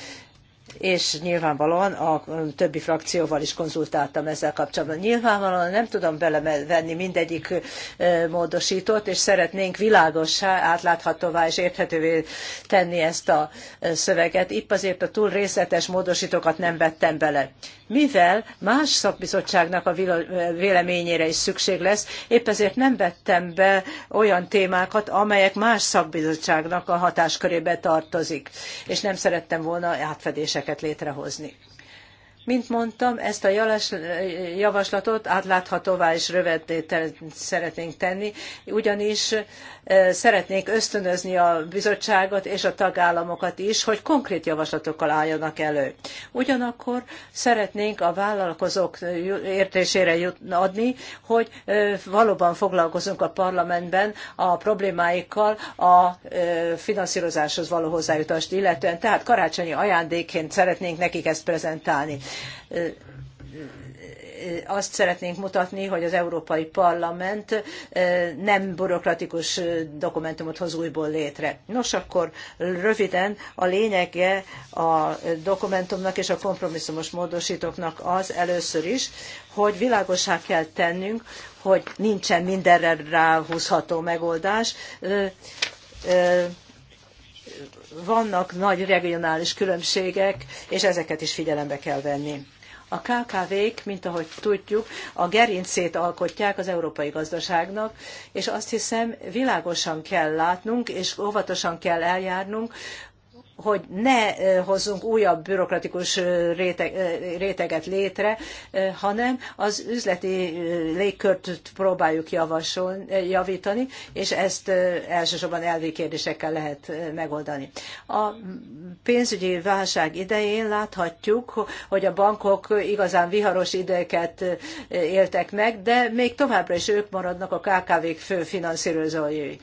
és nyilvánvalóan a többi frakcióval is konzultáltam ezzel kapcsolatban. Nyilvánvalóan nem tudom belevenni mindegyik módosítót, és szeretnénk világossá, átláthatóvá és érthetővé tenni ezt a szöveget. Épp azért a túl részletes módosítókat nem vettem bele mivel más szakbizottságnak a véleményére is szükség lesz, épp ezért nem vettem be olyan témákat, amelyek más szakbizottságnak a hatáskörébe tartozik, és nem szerettem volna átfedéseket létrehozni. Mint mondtam, ezt a javaslatot átláthatóvá és rövidé szeretnénk tenni, ugyanis szeretnénk ösztönözni a bizottságot és a tagállamokat is, hogy konkrét javaslatokkal álljanak elő. Ugyanakkor szeretnénk a vállalkozók értésére adni, hogy valóban foglalkozunk a parlamentben a problémáikkal a finanszírozáshoz való hozzájutást illetően, tehát karácsonyi ajándékként szeretnénk nekik ezt prezentálni azt szeretnénk mutatni, hogy az Európai Parlament nem bürokratikus dokumentumot hoz újból létre. Nos, akkor röviden a lényege a dokumentumnak és a kompromisszumos módosítóknak az először is, hogy világosá kell tennünk, hogy nincsen mindenre ráhúzható megoldás vannak nagy regionális különbségek, és ezeket is figyelembe kell venni. A KKV-k, mint ahogy tudjuk, a gerincét alkotják az európai gazdaságnak, és azt hiszem világosan kell látnunk, és óvatosan kell eljárnunk, hogy ne hozzunk újabb bürokratikus réteg, réteget létre, hanem az üzleti légkört próbáljuk javasolni, javítani, és ezt elsősorban elvi kérdésekkel lehet megoldani. A pénzügyi válság idején láthatjuk, hogy a bankok igazán viharos időket éltek meg, de még továbbra is ők maradnak a KKV-k fő finanszírozói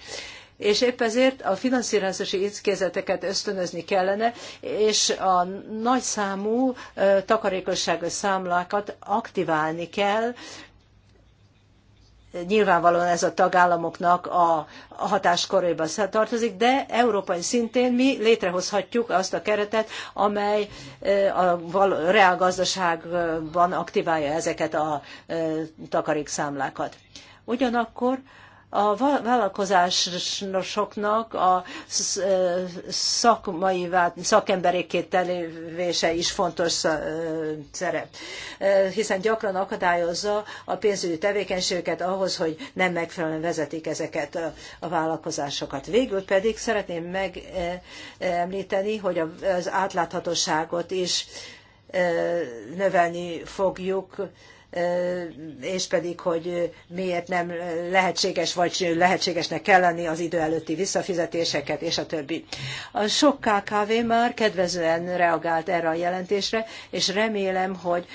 és épp ezért a finanszírozási intézeteket ösztönözni kellene, és a nagyszámú takarékossági számlákat aktiválni kell, nyilvánvalóan ez a tagállamoknak a hatáskörébe tartozik, de európai szintén mi létrehozhatjuk azt a keretet, amely a reálgazdaságban aktiválja ezeket a takarékszámlákat. Ugyanakkor a vállalkozásoknak a szakmai szakemberékét is fontos szerep, hiszen gyakran akadályozza a pénzügyi tevékenységeket ahhoz, hogy nem megfelelően vezetik ezeket a vállalkozásokat. Végül pedig szeretném megemlíteni, hogy az átláthatóságot is növelni fogjuk és pedig, hogy miért nem lehetséges, vagy lehetségesnek kell lenni az idő előtti visszafizetéseket, és a többi. A sok KKV már kedvezően reagált erre a jelentésre, és remélem, hogy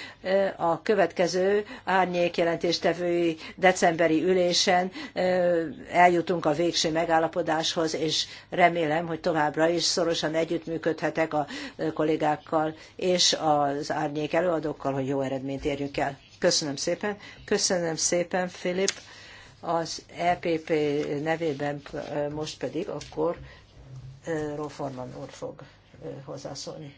a következő árnyék jelentéstevői decemberi ülésen eljutunk a végső megállapodáshoz, és remélem, hogy továbbra is szorosan együttműködhetek a kollégákkal és az árnyék előadókkal, hogy jó eredményt érjünk el. Köszönöm szépen. Köszönöm szépen, Filip. Az EPP nevében most pedig akkor Roforman úr fog hozzászólni.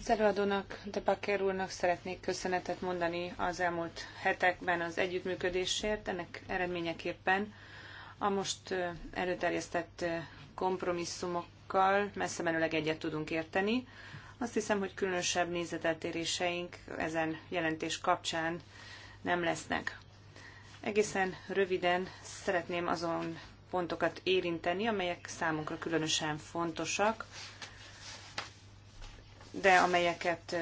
Az előadónak, de Baker úrnak szeretnék köszönetet mondani az elmúlt hetekben az együttműködésért, ennek eredményeképpen a most előterjesztett kompromisszumokkal messze menőleg egyet tudunk érteni. Azt hiszem, hogy különösebb nézeteltéréseink ezen jelentés kapcsán nem lesznek. Egészen röviden szeretném azon pontokat érinteni, amelyek számunkra különösen fontosak, de amelyeket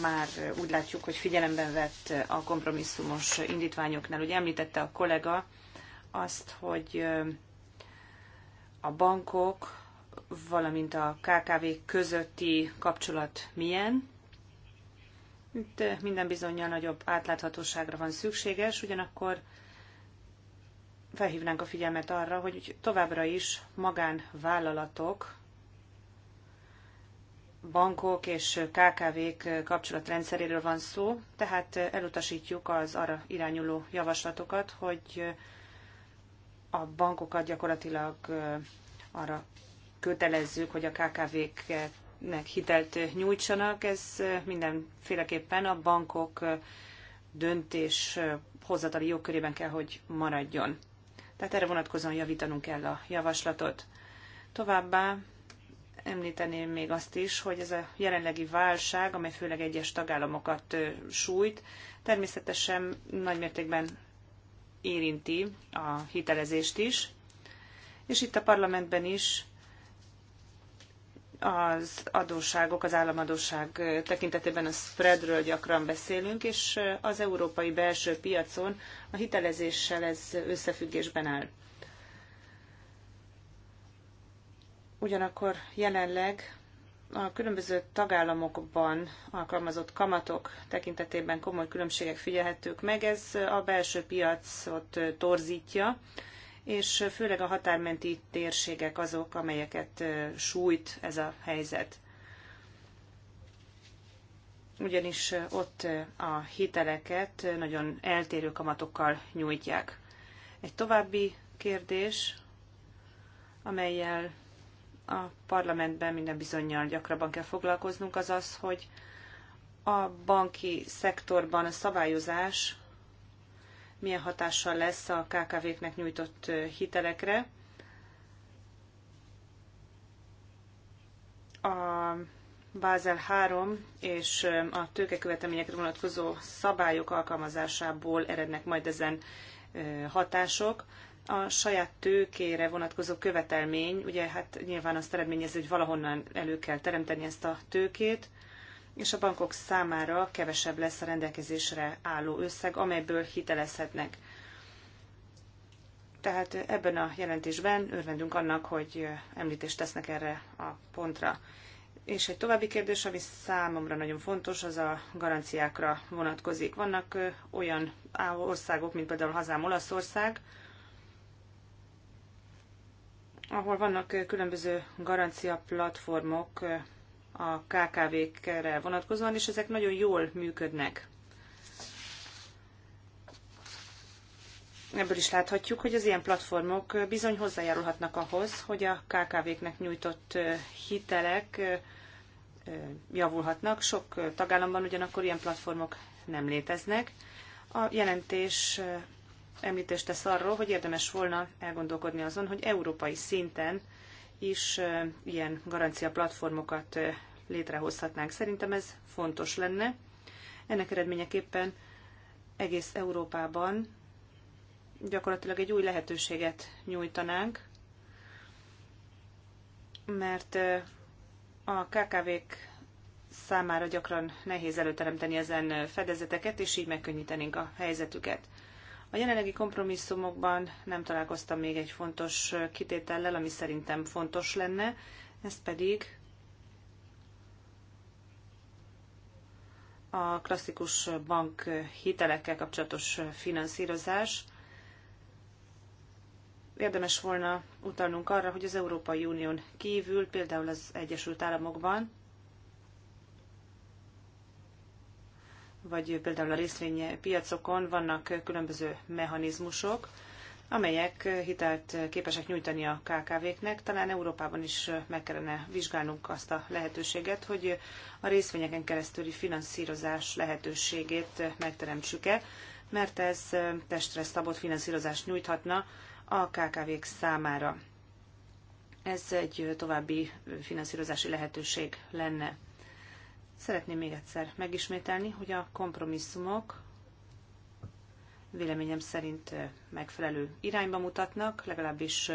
már úgy látjuk, hogy figyelemben vett a kompromisszumos indítványoknál. Ugye említette a kollega azt, hogy a bankok valamint a KKV közötti kapcsolat milyen. Itt eh, minden bizonyal nagyobb átláthatóságra van szükséges, ugyanakkor felhívnánk a figyelmet arra, hogy továbbra is magánvállalatok, bankok és KKV-k kapcsolatrendszeréről van szó, tehát eh, elutasítjuk az arra irányuló javaslatokat, hogy eh, a bankokat gyakorlatilag arra kötelezzük, hogy a KKV-knek hitelt nyújtsanak. Ez mindenféleképpen a bankok döntés hozatali jogkörében kell, hogy maradjon. Tehát erre vonatkozóan javítanunk kell a javaslatot. Továbbá említeném még azt is, hogy ez a jelenlegi válság, amely főleg egyes tagállamokat sújt, természetesen nagymértékben érinti a hitelezést is, és itt a parlamentben is az adósságok, az államadóság tekintetében a spreadről gyakran beszélünk, és az európai belső piacon a hitelezéssel ez összefüggésben áll. Ugyanakkor jelenleg a különböző tagállamokban alkalmazott kamatok tekintetében komoly különbségek figyelhetők meg. Ez a belső piacot torzítja, és főleg a határmenti térségek azok, amelyeket sújt ez a helyzet. Ugyanis ott a hiteleket nagyon eltérő kamatokkal nyújtják. Egy további kérdés, amelyel a parlamentben minden bizonyal gyakrabban kell foglalkoznunk, az az, hogy a banki szektorban a szabályozás milyen hatással lesz a KKV-knek nyújtott hitelekre. A Bázel 3 és a tőkekövetelményekre vonatkozó szabályok alkalmazásából erednek majd ezen hatások. A saját tőkére vonatkozó követelmény, ugye hát nyilván azt eredményez, hogy valahonnan elő kell teremteni ezt a tőkét, és a bankok számára kevesebb lesz a rendelkezésre álló összeg, amelyből hitelezhetnek. Tehát ebben a jelentésben örvendünk annak, hogy említést tesznek erre a pontra. És egy további kérdés, ami számomra nagyon fontos, az a garanciákra vonatkozik. Vannak olyan országok, mint például hazám Olaszország, ahol vannak különböző garancia platformok a KKV-kre vonatkozóan, és ezek nagyon jól működnek. Ebből is láthatjuk, hogy az ilyen platformok bizony hozzájárulhatnak ahhoz, hogy a KKV-knek nyújtott hitelek javulhatnak. Sok tagállamban ugyanakkor ilyen platformok nem léteznek. A jelentés említést tesz arról, hogy érdemes volna elgondolkodni azon, hogy európai szinten is ilyen garancia platformokat létrehozhatnánk. Szerintem ez fontos lenne. Ennek eredményeképpen egész Európában gyakorlatilag egy új lehetőséget nyújtanánk, mert a KKV-k számára gyakran nehéz előteremteni ezen fedezeteket, és így megkönnyítenénk a helyzetüket. A jelenlegi kompromisszumokban nem találkoztam még egy fontos kitétellel, ami szerintem fontos lenne, ez pedig a klasszikus bank hitelekkel kapcsolatos finanszírozás. Érdemes volna utalnunk arra, hogy az Európai Unión kívül, például az Egyesült Államokban, vagy például a részvénypiacokon vannak különböző mechanizmusok, amelyek eh, hitelt eh, képesek nyújtani a KKV-knek. Talán Európában is eh, meg kellene vizsgálnunk azt a lehetőséget, hogy a részvényeken keresztüli finanszírozás lehetőségét megteremtsük-e, mert ez testre szabott finanszírozást nyújthatna a KKV-k számára. Ez egy további finanszírozási lehetőség lenne. Szeretném még egyszer megismételni, hogy a kompromisszumok véleményem szerint megfelelő irányba mutatnak, legalábbis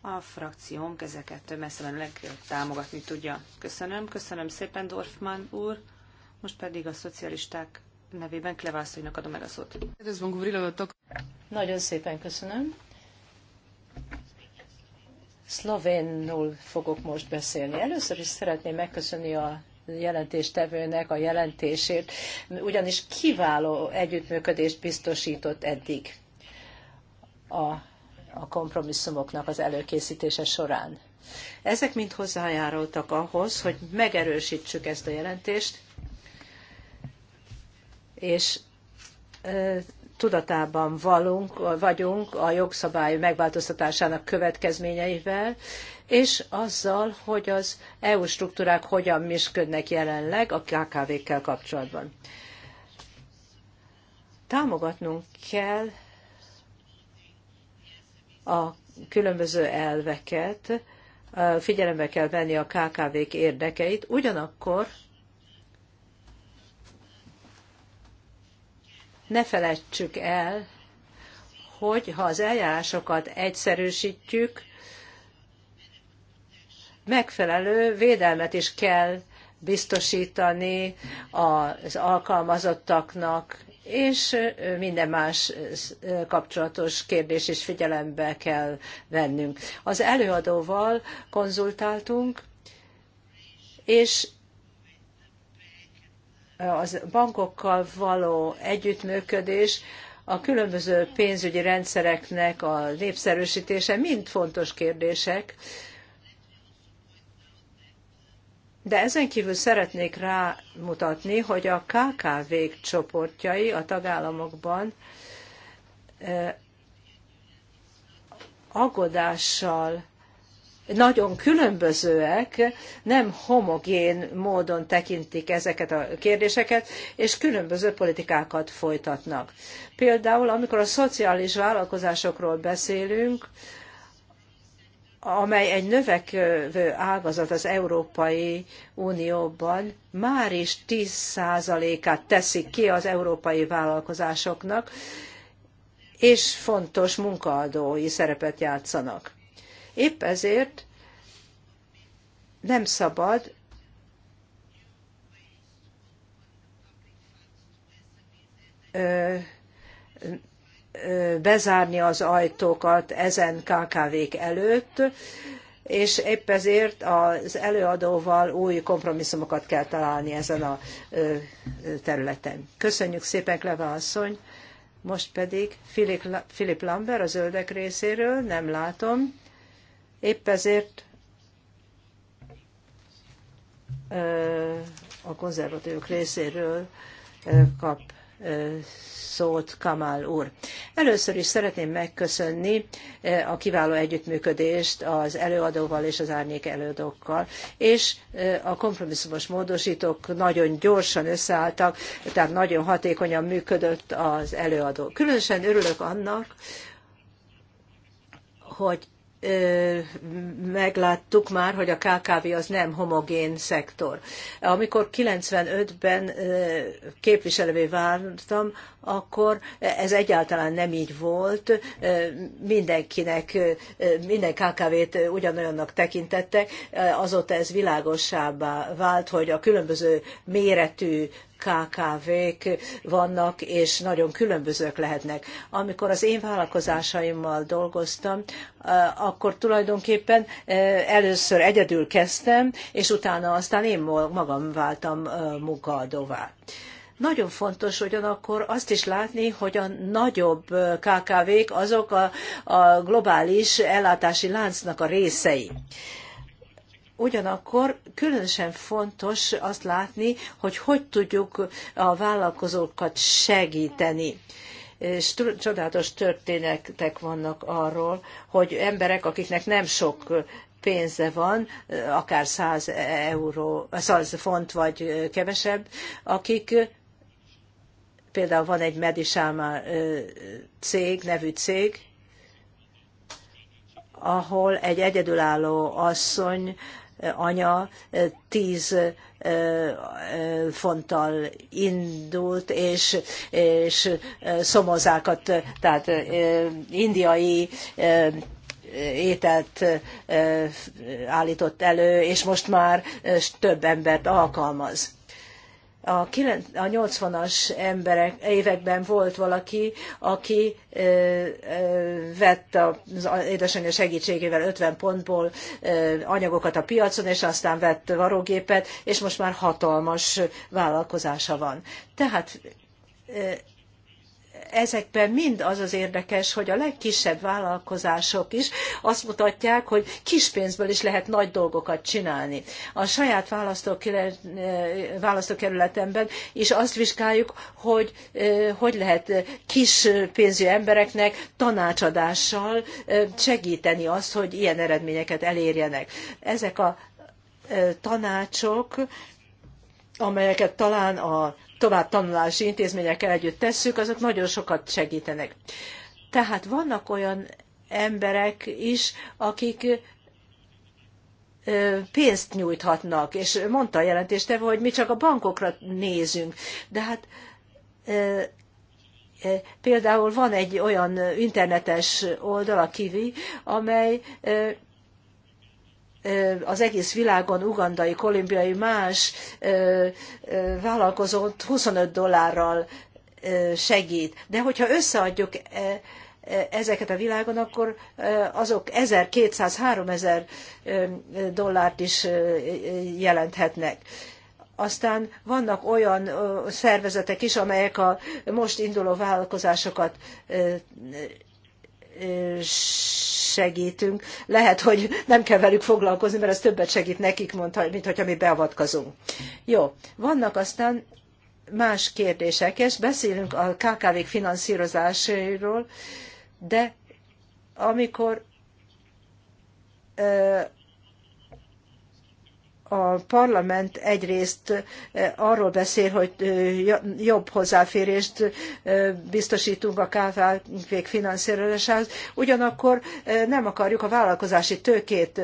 a frakciónk ezeket messze menőleg támogatni tudja. Köszönöm, köszönöm szépen Dorfman úr, most pedig a szocialisták nevében Klevászonynak adom meg a szót. Nagyon szépen köszönöm. Szlovénul fogok most beszélni. Először is szeretném megköszönni a jelentéstevőnek a jelentését ugyanis kiváló együttműködést biztosított eddig a, a kompromisszumoknak az előkészítése során. Ezek mind hozzájárultak ahhoz, hogy megerősítsük ezt a jelentést, és tudatában valunk, vagyunk a jogszabály megváltoztatásának következményeivel, és azzal, hogy az EU struktúrák hogyan működnek jelenleg a KKV-kkel kapcsolatban. Támogatnunk kell a különböző elveket, figyelembe kell venni a KKV-k érdekeit, ugyanakkor ne felejtsük el, hogy ha az eljárásokat egyszerűsítjük, megfelelő védelmet is kell biztosítani az alkalmazottaknak, és minden más kapcsolatos kérdés is figyelembe kell vennünk. Az előadóval konzultáltunk, és az bankokkal való együttműködés, a különböző pénzügyi rendszereknek a népszerűsítése mind fontos kérdések. De ezen kívül szeretnék rámutatni, hogy a KKV-k csoportjai a tagállamokban eh, aggodással nagyon különbözőek, nem homogén módon tekintik ezeket a kérdéseket, és különböző politikákat folytatnak. Például, amikor a szociális vállalkozásokról beszélünk, amely egy növekvő ágazat az Európai Unióban, már is 10%-át teszik ki az európai vállalkozásoknak, és fontos munkaadói szerepet játszanak. Épp ezért nem szabad bezárni az ajtókat ezen KKV-k előtt, és épp ezért az előadóval új kompromisszumokat kell találni ezen a területen. Köszönjük szépen, Kleva asszony! Most pedig Philip Lambert a zöldek részéről, nem látom. Épp ezért a konzervatívok részéről kap szót Kamal úr. Először is szeretném megköszönni a kiváló együttműködést az előadóval és az árnyék előadókkal, és a kompromisszumos módosítók nagyon gyorsan összeálltak, tehát nagyon hatékonyan működött az előadó. Különösen örülök annak, hogy megláttuk már, hogy a KKV az nem homogén szektor. Amikor 95-ben képviselővé váltam, akkor ez egyáltalán nem így volt. Mindenkinek, minden KKV-t ugyanolyannak tekintettek. Azóta ez világosabbá vált, hogy a különböző méretű KKV-k vannak, és nagyon különbözők lehetnek. Amikor az én vállalkozásaimmal dolgoztam, eh, akkor tulajdonképpen eh, először egyedül kezdtem, és utána aztán én magam váltam eh, munkaadóvá. Nagyon fontos ugyanakkor azt is látni, hogy a nagyobb KKV-k azok a, a globális ellátási láncnak a részei. Ugyanakkor különösen fontos azt látni, hogy hogy tudjuk a vállalkozókat segíteni és csodálatos történetek vannak arról, hogy emberek, akiknek nem sok pénze van, akár 100 euró, 100 font vagy kevesebb, akik például van egy Medisáma cég, nevű cég, ahol egy egyedülálló asszony anya tíz fonttal indult, és, és szomozákat, tehát indiai ételt állított elő, és most már több embert alkalmaz a 80-as emberek, években volt valaki, aki ö, ö, vett az édesanyja segítségével 50 pontból ö, anyagokat a piacon, és aztán vett varrógépet, és most már hatalmas vállalkozása van. Tehát ezekben mind az az érdekes, hogy a legkisebb vállalkozások is azt mutatják, hogy kis pénzből is lehet nagy dolgokat csinálni. A saját választókerületemben is azt vizsgáljuk, hogy hogy lehet kis pénzű embereknek tanácsadással segíteni azt, hogy ilyen eredményeket elérjenek. Ezek a tanácsok, amelyeket talán a tovább tanulási intézményekkel együtt tesszük, azok nagyon sokat segítenek. Tehát vannak olyan emberek is, akik pénzt nyújthatnak, és mondta a jelentéstevő, hogy mi csak a bankokra nézünk, de hát például van egy olyan internetes oldal, a Kivi, amely az egész világon ugandai, kolumbiai, más vállalkozót 25 dollárral segít. De hogyha összeadjuk e, e, ezeket a világon, akkor e, azok 1200-3000 dollárt is jelenthetnek. Aztán vannak olyan szervezetek is, amelyek a most induló vállalkozásokat segítünk. Lehet, hogy nem kell velük foglalkozni, mert az többet segít nekik, mondta, mint hogyha mi beavatkozunk. Jó, vannak aztán más kérdések, és beszélünk a KKV-k finanszírozásairól, de amikor a parlament egyrészt eh, arról beszél, hogy eh, jobb hozzáférést eh, biztosítunk a KKV-k finanszírozásához, ugyanakkor nem akarjuk a vállalkozási tőkét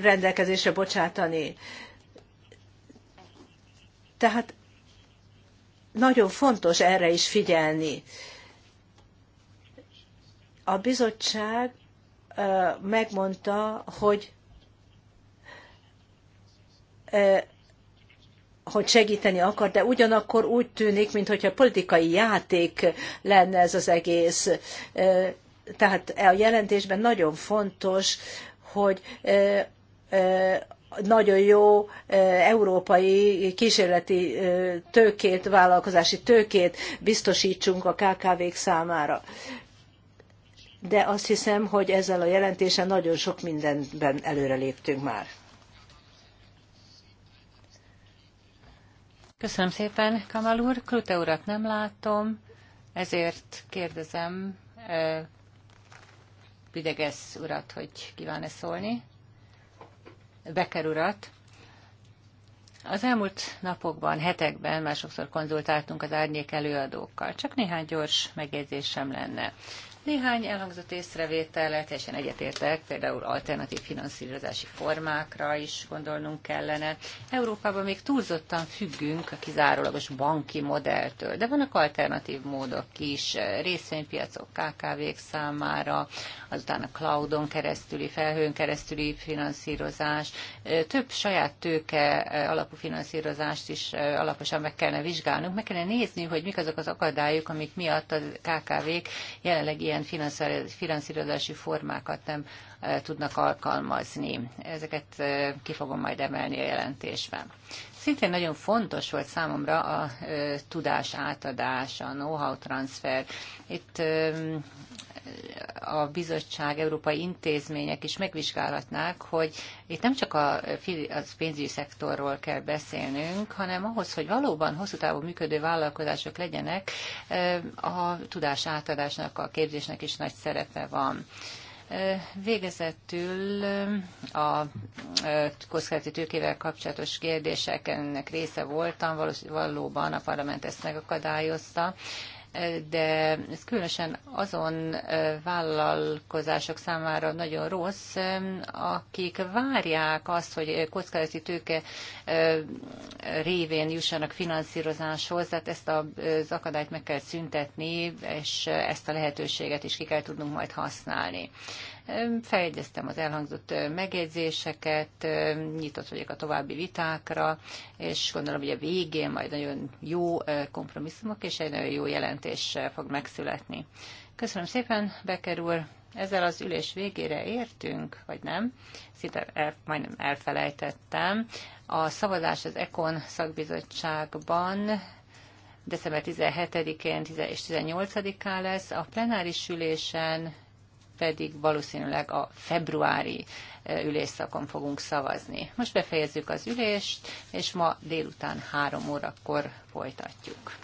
rendelkezésre bocsátani. Tehát nagyon fontos erre is figyelni. A bizottság megmondta, hogy hogy segíteni akar, de ugyanakkor úgy tűnik, mintha politikai játék lenne ez az egész. Tehát a jelentésben nagyon fontos, hogy nagyon jó európai kísérleti tőkét, vállalkozási tőkét biztosítsunk a KKV-k számára. De azt hiszem, hogy ezzel a jelentéssel nagyon sok mindenben előreléptünk már. Köszönöm szépen, Kamal úr. Klute urat nem látom, ezért kérdezem Bidegesz urat, hogy kíván-e szólni. Becker urat. Az elmúlt napokban, hetekben már sokszor konzultáltunk az árnyék előadókkal. Csak néhány gyors megjegyzésem lenne. Néhány elhangzott észrevétellel teljesen egyetértek, például alternatív finanszírozási formákra is gondolnunk kellene. Európában még túlzottan függünk a kizárólagos banki modelltől, de vannak alternatív módok is, részvénypiacok KKV-k számára, azután a cloudon keresztüli, felhőn keresztüli finanszírozás, több saját tőke alapú finanszírozást is alaposan meg kellene vizsgálnunk, meg kellene nézni, hogy mik azok az akadályok, amik miatt a KKV-k jelenleg ilyen ilyen finanszírozási formákat nem e, tudnak alkalmazni. Ezeket e, ki fogom majd emelni a jelentésben. Szintén nagyon fontos volt számomra a e, tudás átadása, a know-how transfer. Itt a bizottság, európai intézmények is megvizsgálhatnák, hogy itt nem csak a, pénzügyi szektorról kell beszélnünk, hanem ahhoz, hogy valóban hosszú távú működő vállalkozások legyenek, a tudás átadásnak, a képzésnek is nagy szerepe van. Végezetül a kockázati tőkével kapcsolatos kérdések ennek része voltam, valóban a parlament ezt megakadályozta de ez különösen azon vállalkozások számára nagyon rossz, akik várják azt, hogy kockázati tőke révén jussanak finanszírozáshoz, tehát ezt az akadályt meg kell szüntetni, és ezt a lehetőséget is ki kell tudnunk majd használni. Feljegyeztem az elhangzott megjegyzéseket, nyitott vagyok a további vitákra, és gondolom, hogy a végén majd nagyon jó kompromisszumok és egy nagyon jó jelentés fog megszületni. Köszönöm szépen, Becker úr! Ezzel az ülés végére értünk, vagy nem? Szinte el, majdnem elfelejtettem. A szavazás az EKON szakbizottságban december 17-én és 18-án lesz. A plenáris ülésen pedig valószínűleg a februári ülésszakon fogunk szavazni. Most befejezzük az ülést, és ma délután három órakor folytatjuk.